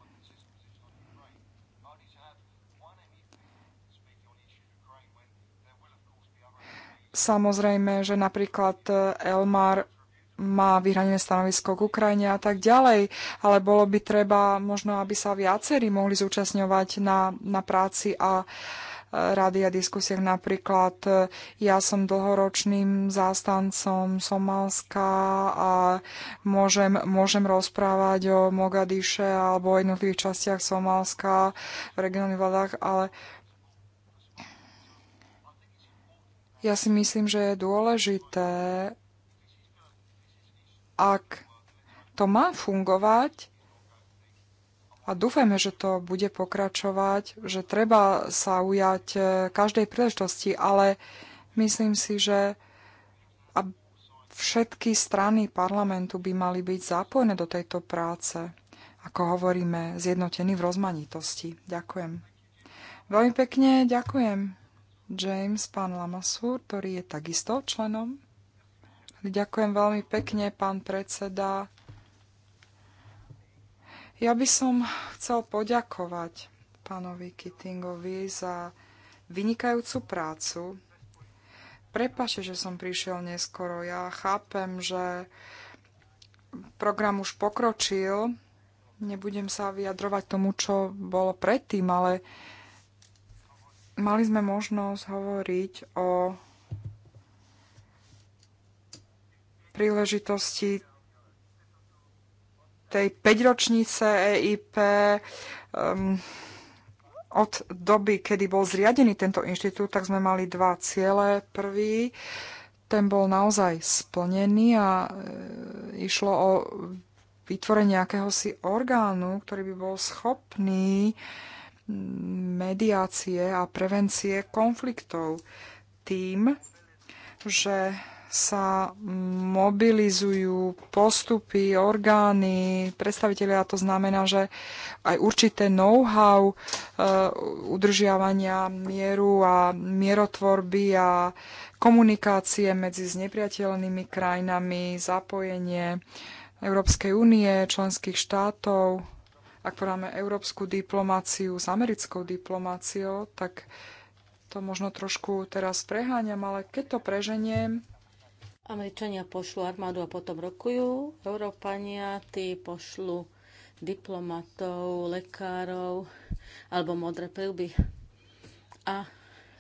Samozrejme, že napríklad Elmar má vyhranené stanovisko k Ukrajine a tak ďalej, ale bolo by treba možno, aby sa viacerí mohli zúčastňovať na, na práci a uh, rady a diskusiách. Napríklad e, ja som dlhoročným zástancom Somálska a môžem, môžem rozprávať o Mogadiše alebo o jednotlivých častiach Somálska v regionálnych vládach, ale ja si myslím, že je dôležité, ak to má fungovať, a dúfajme, že to bude pokračovať, že treba sa ujať e, každej príležitosti, ale myslím si, že všetky strany parlamentu by mali byť zapojené do tejto práce, ako hovoríme, zjednotení v rozmanitosti. Ďakujem. Veľmi pekne ďakujem. James, pán Lamasur, ktorý je takisto členom. Ďakujem veľmi pekne, pán predseda. Ja by som chcel poďakovať pánovi Kittingovi za vynikajúcu prácu. Prepašte, že som prišiel neskoro. Ja chápem, že program už pokročil. Nebudem sa vyjadrovať tomu, čo bolo predtým, ale mali sme možnosť hovoriť o príležitosti tej 5-ročnice EIP, um, od doby, kedy bol zriadený tento inštitút, tak sme mali dva ciele. Prvý, ten bol naozaj splnený a e, išlo o vytvorenie akéhosi orgánu, ktorý by bol schopný mm, mediácie a prevencie konfliktov tým, že sa mobilizujú postupy, orgány, a To znamená, že aj určité know-how e, udržiavania mieru a mierotvorby a komunikácie medzi znepriateľnými krajinami, zapojenie Európskej únie, členských štátov. Ak podáme európsku diplomáciu s americkou diplomáciou, tak to možno trošku teraz preháňam, ale keď to preženiem, Američania pošlu armádu a potom rokujú, Európania tí pošlu diplomatov, lekárov alebo modré prilby. A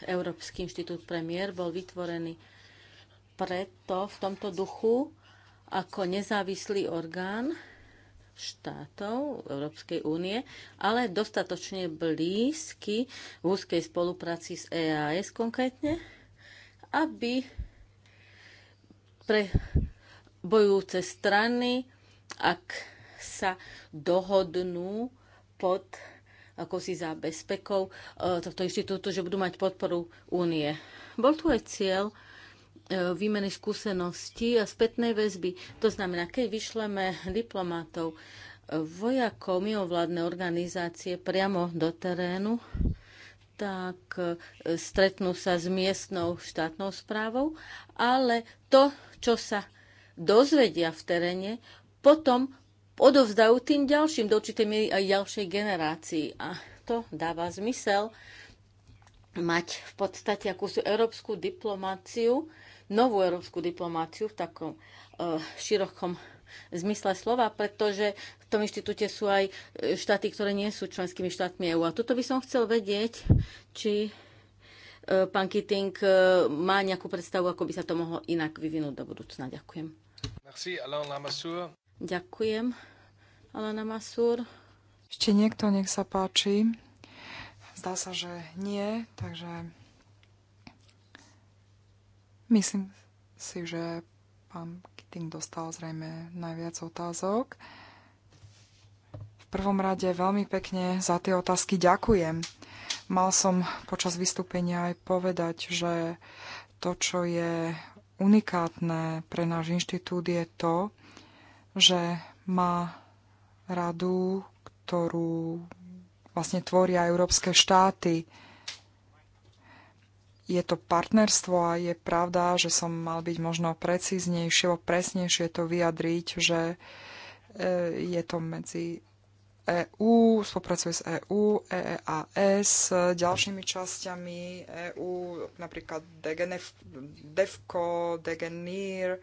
Európsky inštitút premiér bol vytvorený preto v tomto duchu ako nezávislý orgán štátov Európskej únie, ale dostatočne blízky v úzkej spolupráci s EAS konkrétne, aby pre bojujúce strany, ak sa dohodnú pod ako si za bezpekou e, tohto inštitútu, že budú mať podporu únie. Bol tu aj cieľ e, výmeny skúseností a spätnej väzby. To znamená, keď vyšleme diplomátov, vojakov, mimovládne organizácie priamo do terénu, tak e, stretnú sa s miestnou štátnou správou, ale to čo sa dozvedia v teréne, potom odovzdajú tým ďalším, do určitej miery aj ďalšej generácii. A to dáva zmysel mať v podstate akúsi európsku diplomáciu, novú európsku diplomáciu v takom e, širokom zmysle slova, pretože v tom inštitúte sú aj štáty, ktoré nie sú členskými štátmi EÚ. A toto by som chcel vedieť, či Eh, pán Kitting eh, má nejakú predstavu, ako by sa to mohlo inak vyvinúť do budúcna. Ďakujem. Merci, Alain Lamassur. Ďakujem, Alain Lamassur. Ešte niekto, nech sa páči. Zdá sa, že nie, takže myslím si, že pán Kitting dostal zrejme najviac otázok prvom rade veľmi pekne za tie otázky ďakujem. Mal som počas vystúpenia aj povedať, že to, čo je unikátne pre náš inštitút, je to, že má radu, ktorú vlastne tvoria európske štáty. Je to partnerstvo a je pravda, že som mal byť možno precíznejšie, presnejšie to vyjadriť, že e, je to medzi EÚ, spolupracuje s EÚ, EEAS, ďalšími časťami EÚ, napríklad DGNF, DEFCO, DGNIR,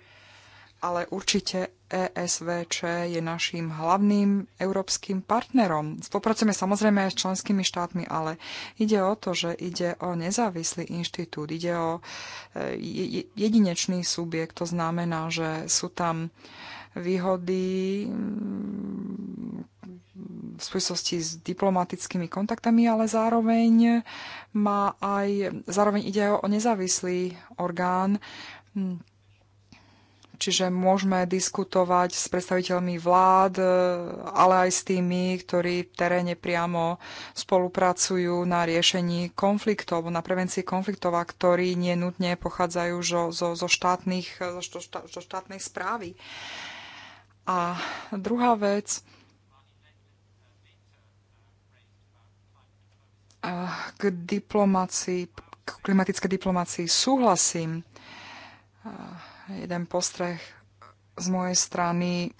ale určite ESVČ je naším hlavným európskym partnerom. Spolupracujeme samozrejme aj s členskými štátmi, ale ide o to, že ide o nezávislý inštitút, ide o e, jedinečný subjekt, to znamená, že sú tam výhody, v súvislosti s diplomatickými kontaktami, ale zároveň má aj, zároveň ide o nezávislý orgán, čiže môžeme diskutovať s predstaviteľmi vlád, ale aj s tými, ktorí v teréne priamo spolupracujú na riešení konfliktov, na prevencii konfliktov a ktorí nenutne pochádzajú zo, zo, zo, štátnych, zo, štá, zo štátnej správy. A druhá vec, k diplomácii, k klimatickej diplomácii súhlasím. Jeden postreh z mojej strany,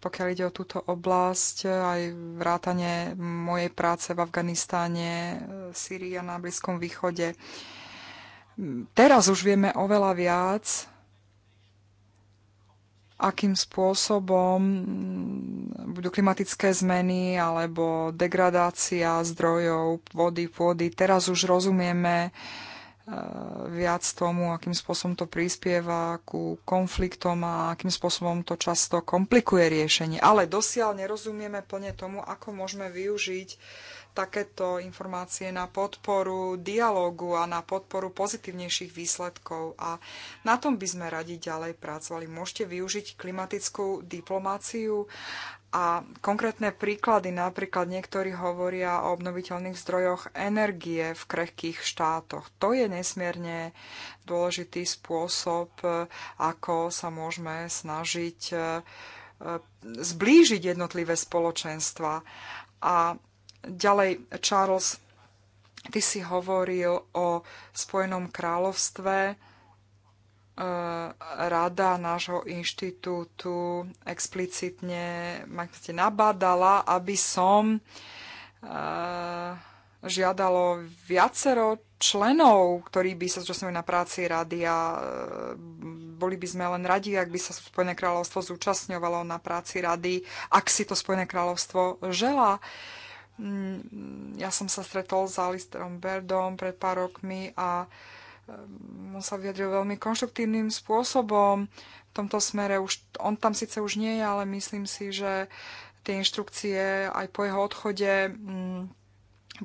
pokiaľ ide o túto oblasť, aj vrátanie mojej práce v Afganistáne, Syrii a na Blízkom východe. Teraz už vieme oveľa viac akým spôsobom budú klimatické zmeny alebo degradácia zdrojov, vody, pôdy. Teraz už rozumieme e, viac tomu, akým spôsobom to prispieva ku konfliktom a akým spôsobom to často komplikuje riešenie. Ale dosiaľ nerozumieme plne tomu, ako môžeme využiť takéto informácie na podporu dialógu a na podporu pozitívnejších výsledkov. A na tom by sme radi ďalej pracovali. Môžete využiť klimatickú diplomáciu a konkrétne príklady, napríklad niektorí hovoria o obnoviteľných zdrojoch energie v krehkých štátoch. To je nesmierne dôležitý spôsob, ako sa môžeme snažiť e, zblížiť jednotlivé spoločenstva. A Ďalej, Charles, ty si hovoril o Spojenom kráľovstve. E, rada nášho inštitútu explicitne ma nabádala, aby som e, žiadalo viacero členov, ktorí by sa zúčastnili na práci rady a e, boli by sme len radi, ak by sa Spojené kráľovstvo zúčastňovalo na práci rady, ak si to Spojené kráľovstvo želá. Uh, Mm, ja som sa stretol s Alisterom Berdom pred pár rokmi a mm, on sa vyjadril veľmi konštruktívnym spôsobom v tomto smere. Už, on tam síce už nie je, ale myslím si, že tie inštrukcie aj po jeho odchode mm,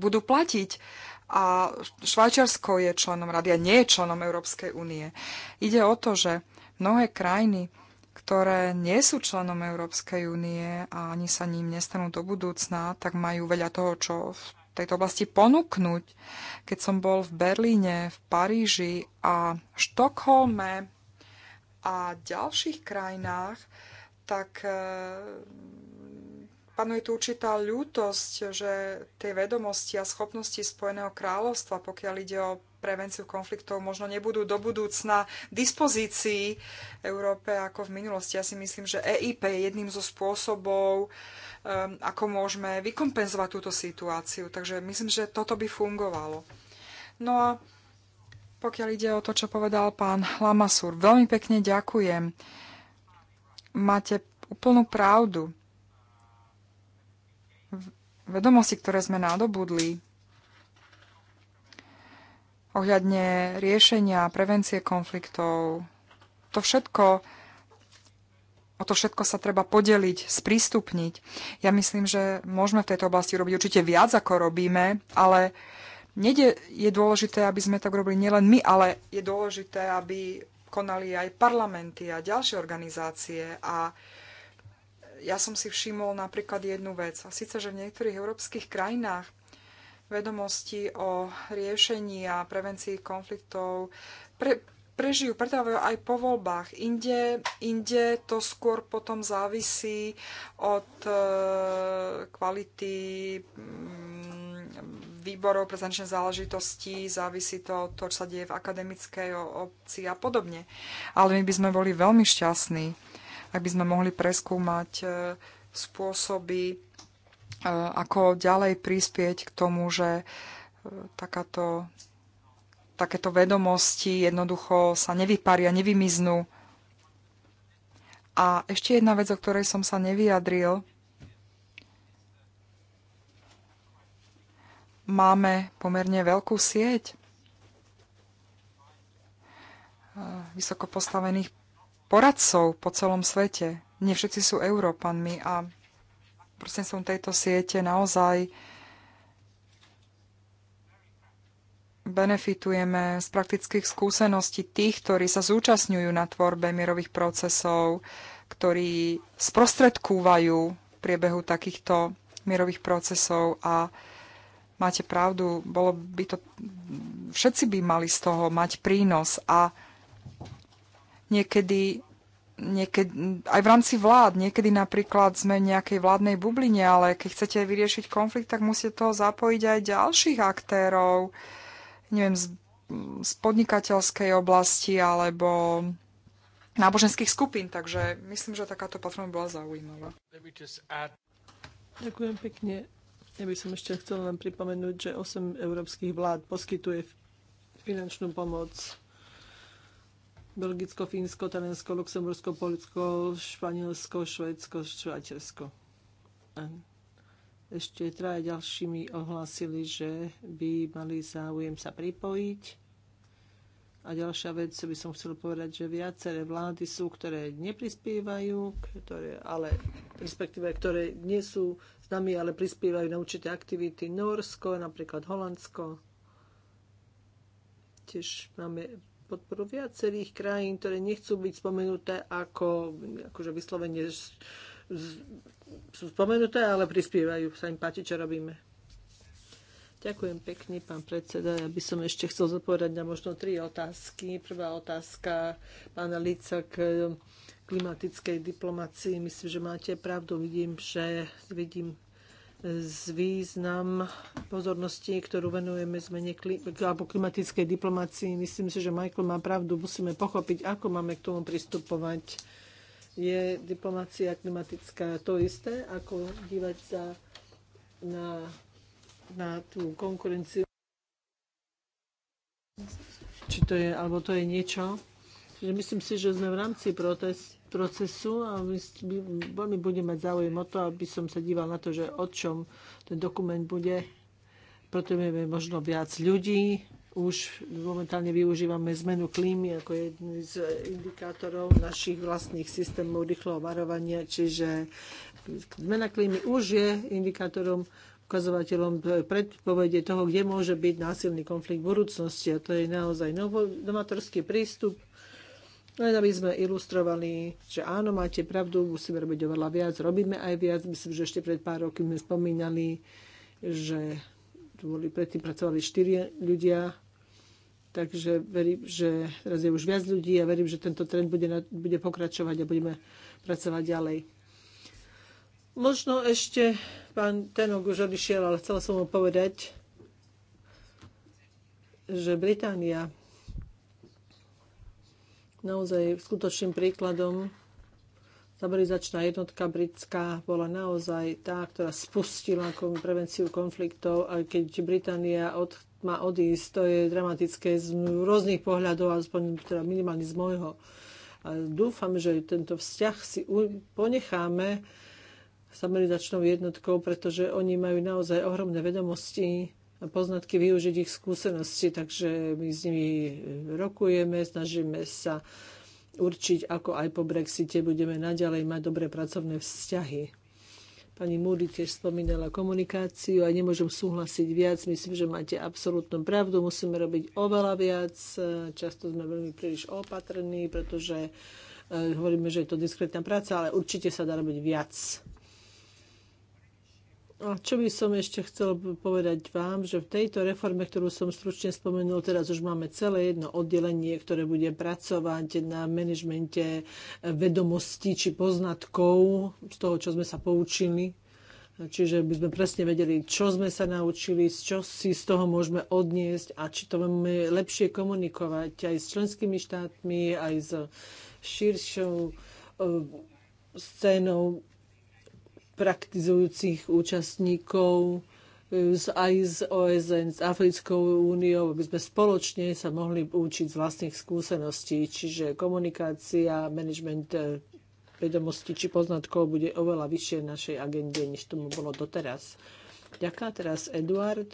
budú platiť. A Švajčiarsko je členom rady a nie je členom Európskej únie. Ide o to, že mnohé krajiny ktoré nie sú členom Európskej únie a ani sa ním nestanú do budúcna, tak majú veľa toho, čo v tejto oblasti ponúknuť. Keď som bol v Berlíne, v Paríži a Štokholme a ďalších krajinách, tak eh, panuje tu určitá ľútosť, že tie vedomosti a schopnosti Spojeného kráľovstva, pokiaľ ide o prevenciu konfliktov, možno nebudú do budúcna dispozícii Európe ako v minulosti. Ja si myslím, že EIP je jedným zo spôsobov, um, ako môžeme vykompenzovať túto situáciu. Takže myslím, že toto by fungovalo. No a pokiaľ ide o to, čo povedal pán Lamasur, veľmi pekne ďakujem. Máte úplnú pravdu vedomosti, ktoré sme nadobudli ohľadne riešenia, prevencie konfliktov, to všetko, o to všetko sa treba podeliť, sprístupniť. Ja myslím, že môžeme v tejto oblasti robiť určite viac, ako robíme, ale nede, je dôležité, aby sme tak robili nielen my, ale je dôležité, aby konali aj parlamenty a ďalšie organizácie a ja som si všimol napríklad jednu vec. A síce, že v niektorých európskych krajinách vedomosti o riešení a prevencii konfliktov pre, prežijú, predávajú aj po voľbách. Inde, inde to skôr potom závisí od e, kvality mm, výborov pre zahraničné záležitosti, závisí to od toho, čo sa deje v akademickej obci a podobne. Ale my by sme boli veľmi šťastní, ak by sme mohli preskúmať e, spôsoby, e, ako ďalej prispieť k tomu, že e, takáto, takéto vedomosti jednoducho sa nevyparia, nevymiznú. A ešte jedna vec, o ktorej som sa nevyjadril. Máme pomerne veľkú sieť vysoko postavených poradcov po celom svete. Nie všetci sú Európanmi a proste som tejto siete naozaj benefitujeme z praktických skúseností tých, ktorí sa zúčastňujú na tvorbe mierových procesov, ktorí sprostredkúvajú v priebehu takýchto mierových procesov a máte pravdu, bolo by to, všetci by mali z toho mať prínos a Niekedy, niekedy, aj v rámci vlád, niekedy napríklad sme v nejakej vládnej bubline, ale keď chcete vyriešiť konflikt, tak musíte toho zapojiť aj ďalších aktérov, neviem, z, z podnikateľskej oblasti alebo náboženských skupín, takže myslím, že takáto platforma bola zaujímavá. Ďakujem pekne. Ja by som ešte chcela len pripomenúť, že 8 európskych vlád poskytuje finančnú pomoc Belgicko, Fínsko, Taliansko, Luxembursko, Polsko, Španielsko, Švédsko, Švajčiarsko. Ešte traja ďalšími ohlásili, že by mali záujem sa pripojiť. A ďalšia vec, by som chcel povedať, že viaceré vlády sú, ktoré neprispievajú, ktoré, ale respektíve, ktoré nie sú s nami, ale prispievajú na určité aktivity. Norsko, napríklad Holandsko. Tiež máme podporu viacerých krajín, ktoré nechcú byť spomenuté ako akože vyslovene sú spomenuté, ale prispievajú. Sa im páči, čo robíme. Ďakujem pekne, pán predseda. Ja by som ešte chcel zodpovedať na možno tri otázky. Prvá otázka pána Lica k eh, klimatickej diplomácii. Myslím, že máte pravdu. Vidím, že vidím z význam pozornosti, ktorú venujeme zmene kli- alebo klimatickej diplomácii. Myslím si, že Michael má pravdu. Musíme pochopiť, ako máme k tomu pristupovať. Je diplomácia klimatická to isté, ako dívať sa na, na tú konkurenciu. Či to je, alebo to je niečo. myslím si, že sme v rámci protestu procesu a veľmi budem mať záujem o to, aby som sa díval na to, že o čom ten dokument bude. máme možno viac ľudí. Už momentálne využívame zmenu klímy ako jedný z indikátorov našich vlastných systémov rýchloho varovania, čiže zmena klímy už je indikátorom ukazovateľom predpovede toho, kde môže byť násilný konflikt v budúcnosti. A to je naozaj novo, novatorský prístup, len aby sme ilustrovali, že áno, máte pravdu, musíme robiť oveľa viac, robíme aj viac. Myslím, že ešte pred pár roky sme spomínali, že tu boli, predtým pracovali štyri ľudia, takže verím, že teraz je už viac ľudí a verím, že tento trend bude, bude pokračovať a budeme pracovať ďalej. Možno ešte pán Tenok už odišiel, ale chcela som mu povedať, že Británia naozaj skutočným príkladom. Stabilizačná jednotka britská bola naozaj tá, ktorá spustila prevenciu konfliktov, a keď Británia od, má odísť, to je dramatické z rôznych pohľadov, aspoň teda minimálne z môjho. A dúfam, že tento vzťah si ponecháme stabilizačnou jednotkou, pretože oni majú naozaj ohromné vedomosti poznatky, využiť ich skúsenosti, takže my s nimi e, rokujeme, snažíme sa určiť, ako aj po Brexite budeme naďalej mať dobré pracovné vzťahy. Pani Múri tiež spomínala komunikáciu a nemôžem súhlasiť viac. Myslím, že máte absolútnu pravdu. Musíme robiť oveľa viac. E, Často sme veľmi príliš opatrní, pretože e, hovoríme, že je to diskrétna práca, ale určite sa dá robiť viac. A čo by som ešte chcel povedať vám, že v tejto reforme, ktorú som stručne spomenul, teraz už máme celé jedno oddelenie, ktoré bude pracovať na manažmente vedomostí či poznatkov z toho, čo sme sa poučili. Čiže by sme presne vedeli, čo sme sa naučili, čo si z toho môžeme odniesť a či to máme lepšie komunikovať aj s členskými štátmi, aj s širšou e, scénou praktizujúcich účastníkov e, aj z OSN, s Africkou úniou, aby sme spoločne sa mohli učiť z vlastných skúseností. Čiže komunikácia, management e, vedomostí či poznatkov bude oveľa vyššie v našej agende, než tomu bolo doteraz. Ďakujem teraz Eduard.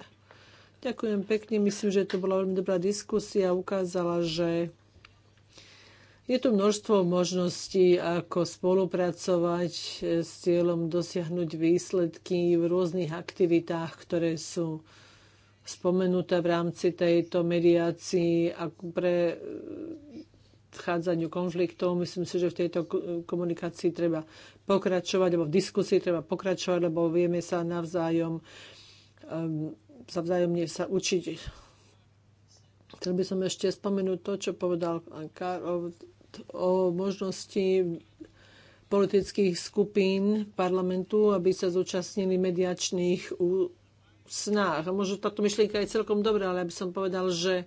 Ďakujem pekne. Myslím, že to bola veľmi dobrá diskusia. Ukázala, že je tu množstvo možností, ako spolupracovať e, s cieľom dosiahnuť výsledky v rôznych aktivitách, ktoré sú spomenuté v rámci tejto mediácii a pre e, vchádzaniu konfliktov. Myslím si, že v tejto komunikácii treba pokračovať, alebo v diskusii treba pokračovať, lebo vieme sa navzájom sa ehm, vzájomne sa učiť Chcel by som ešte spomenúť to, čo povedal Karol o možnosti politických skupín parlamentu, aby sa zúčastnili mediačných snách. A možno táto myšlienka je celkom dobrá, ale aby som povedal, že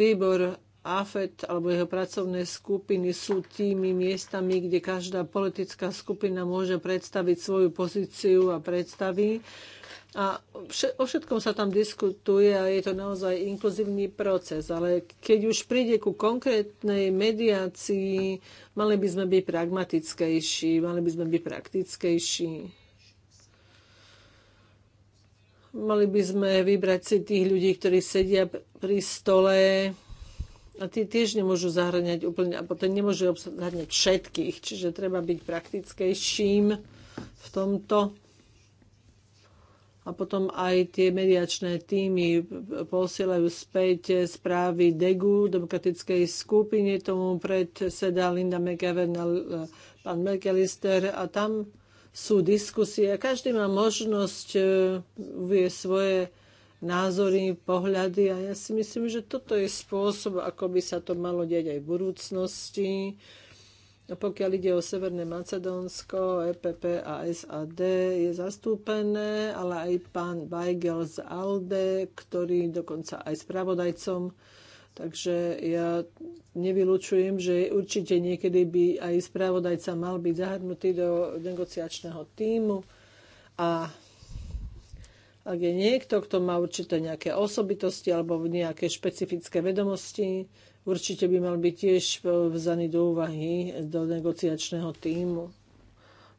výbor AFET alebo jeho pracovné skupiny sú tými miestami, kde každá politická skupina môže predstaviť svoju pozíciu a predstaví a o všetkom sa tam diskutuje a je to naozaj inkluzívny proces, ale keď už príde ku konkrétnej mediácii, mali by sme byť pragmatickejší, mali by sme byť praktickejší. Mali by sme vybrať si tých ľudí, ktorí sedia pri stole a tí tiež nemôžu zahrňať úplne, a potom nemôžu zahrňať všetkých, čiže treba byť praktickejším v tomto a potom aj tie mediačné týmy posielajú späť správy DEGU, demokratickej skupine, tomu predseda Linda McEwen a e, pán McAllister a tam sú diskusie. Každý má možnosť e, uvieť svoje názory, pohľady a ja si myslím, že toto je spôsob, ako by sa to malo diať aj v budúcnosti pokiaľ ide o Severné Macedónsko, EPP a SAD je zastúpené, ale aj pán Weigel z ALDE, ktorý dokonca aj spravodajcom. Takže ja nevylučujem, že určite niekedy by aj spravodajca mal byť zahrnutý do negociačného týmu. A ak je niekto, kto má určite nejaké osobitosti alebo nejaké špecifické vedomosti, určite by mal byť tiež e, vzaný do úvahy e, do negociačného týmu.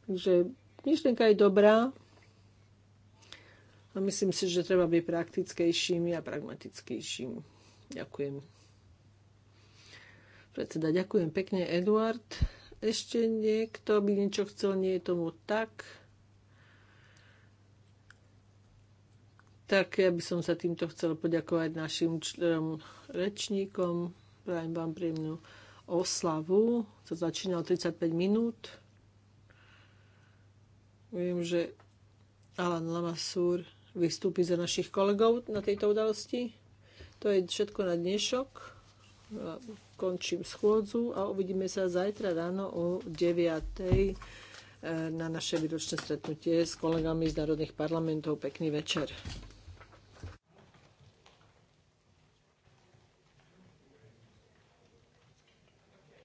Takže myšlienka je dobrá a myslím si, že treba byť praktickejším a pragmatickejším. Ďakujem. Predseda, ďakujem pekne, Eduard. Ešte niekto by niečo chcel, nie je tomu tak. Tak ja by som sa týmto chcel poďakovať našim rečníkom prajem vám príjemnú oslavu. To začína o 35 minút. Viem, že Alan Lamassur vystúpi za našich kolegov na tejto udalosti. To je všetko na dnešok. Končím schôdzu a uvidíme sa zajtra ráno o 9.00 eh, na naše výročné stretnutie s kolegami z národných parlamentov. Pekný večer.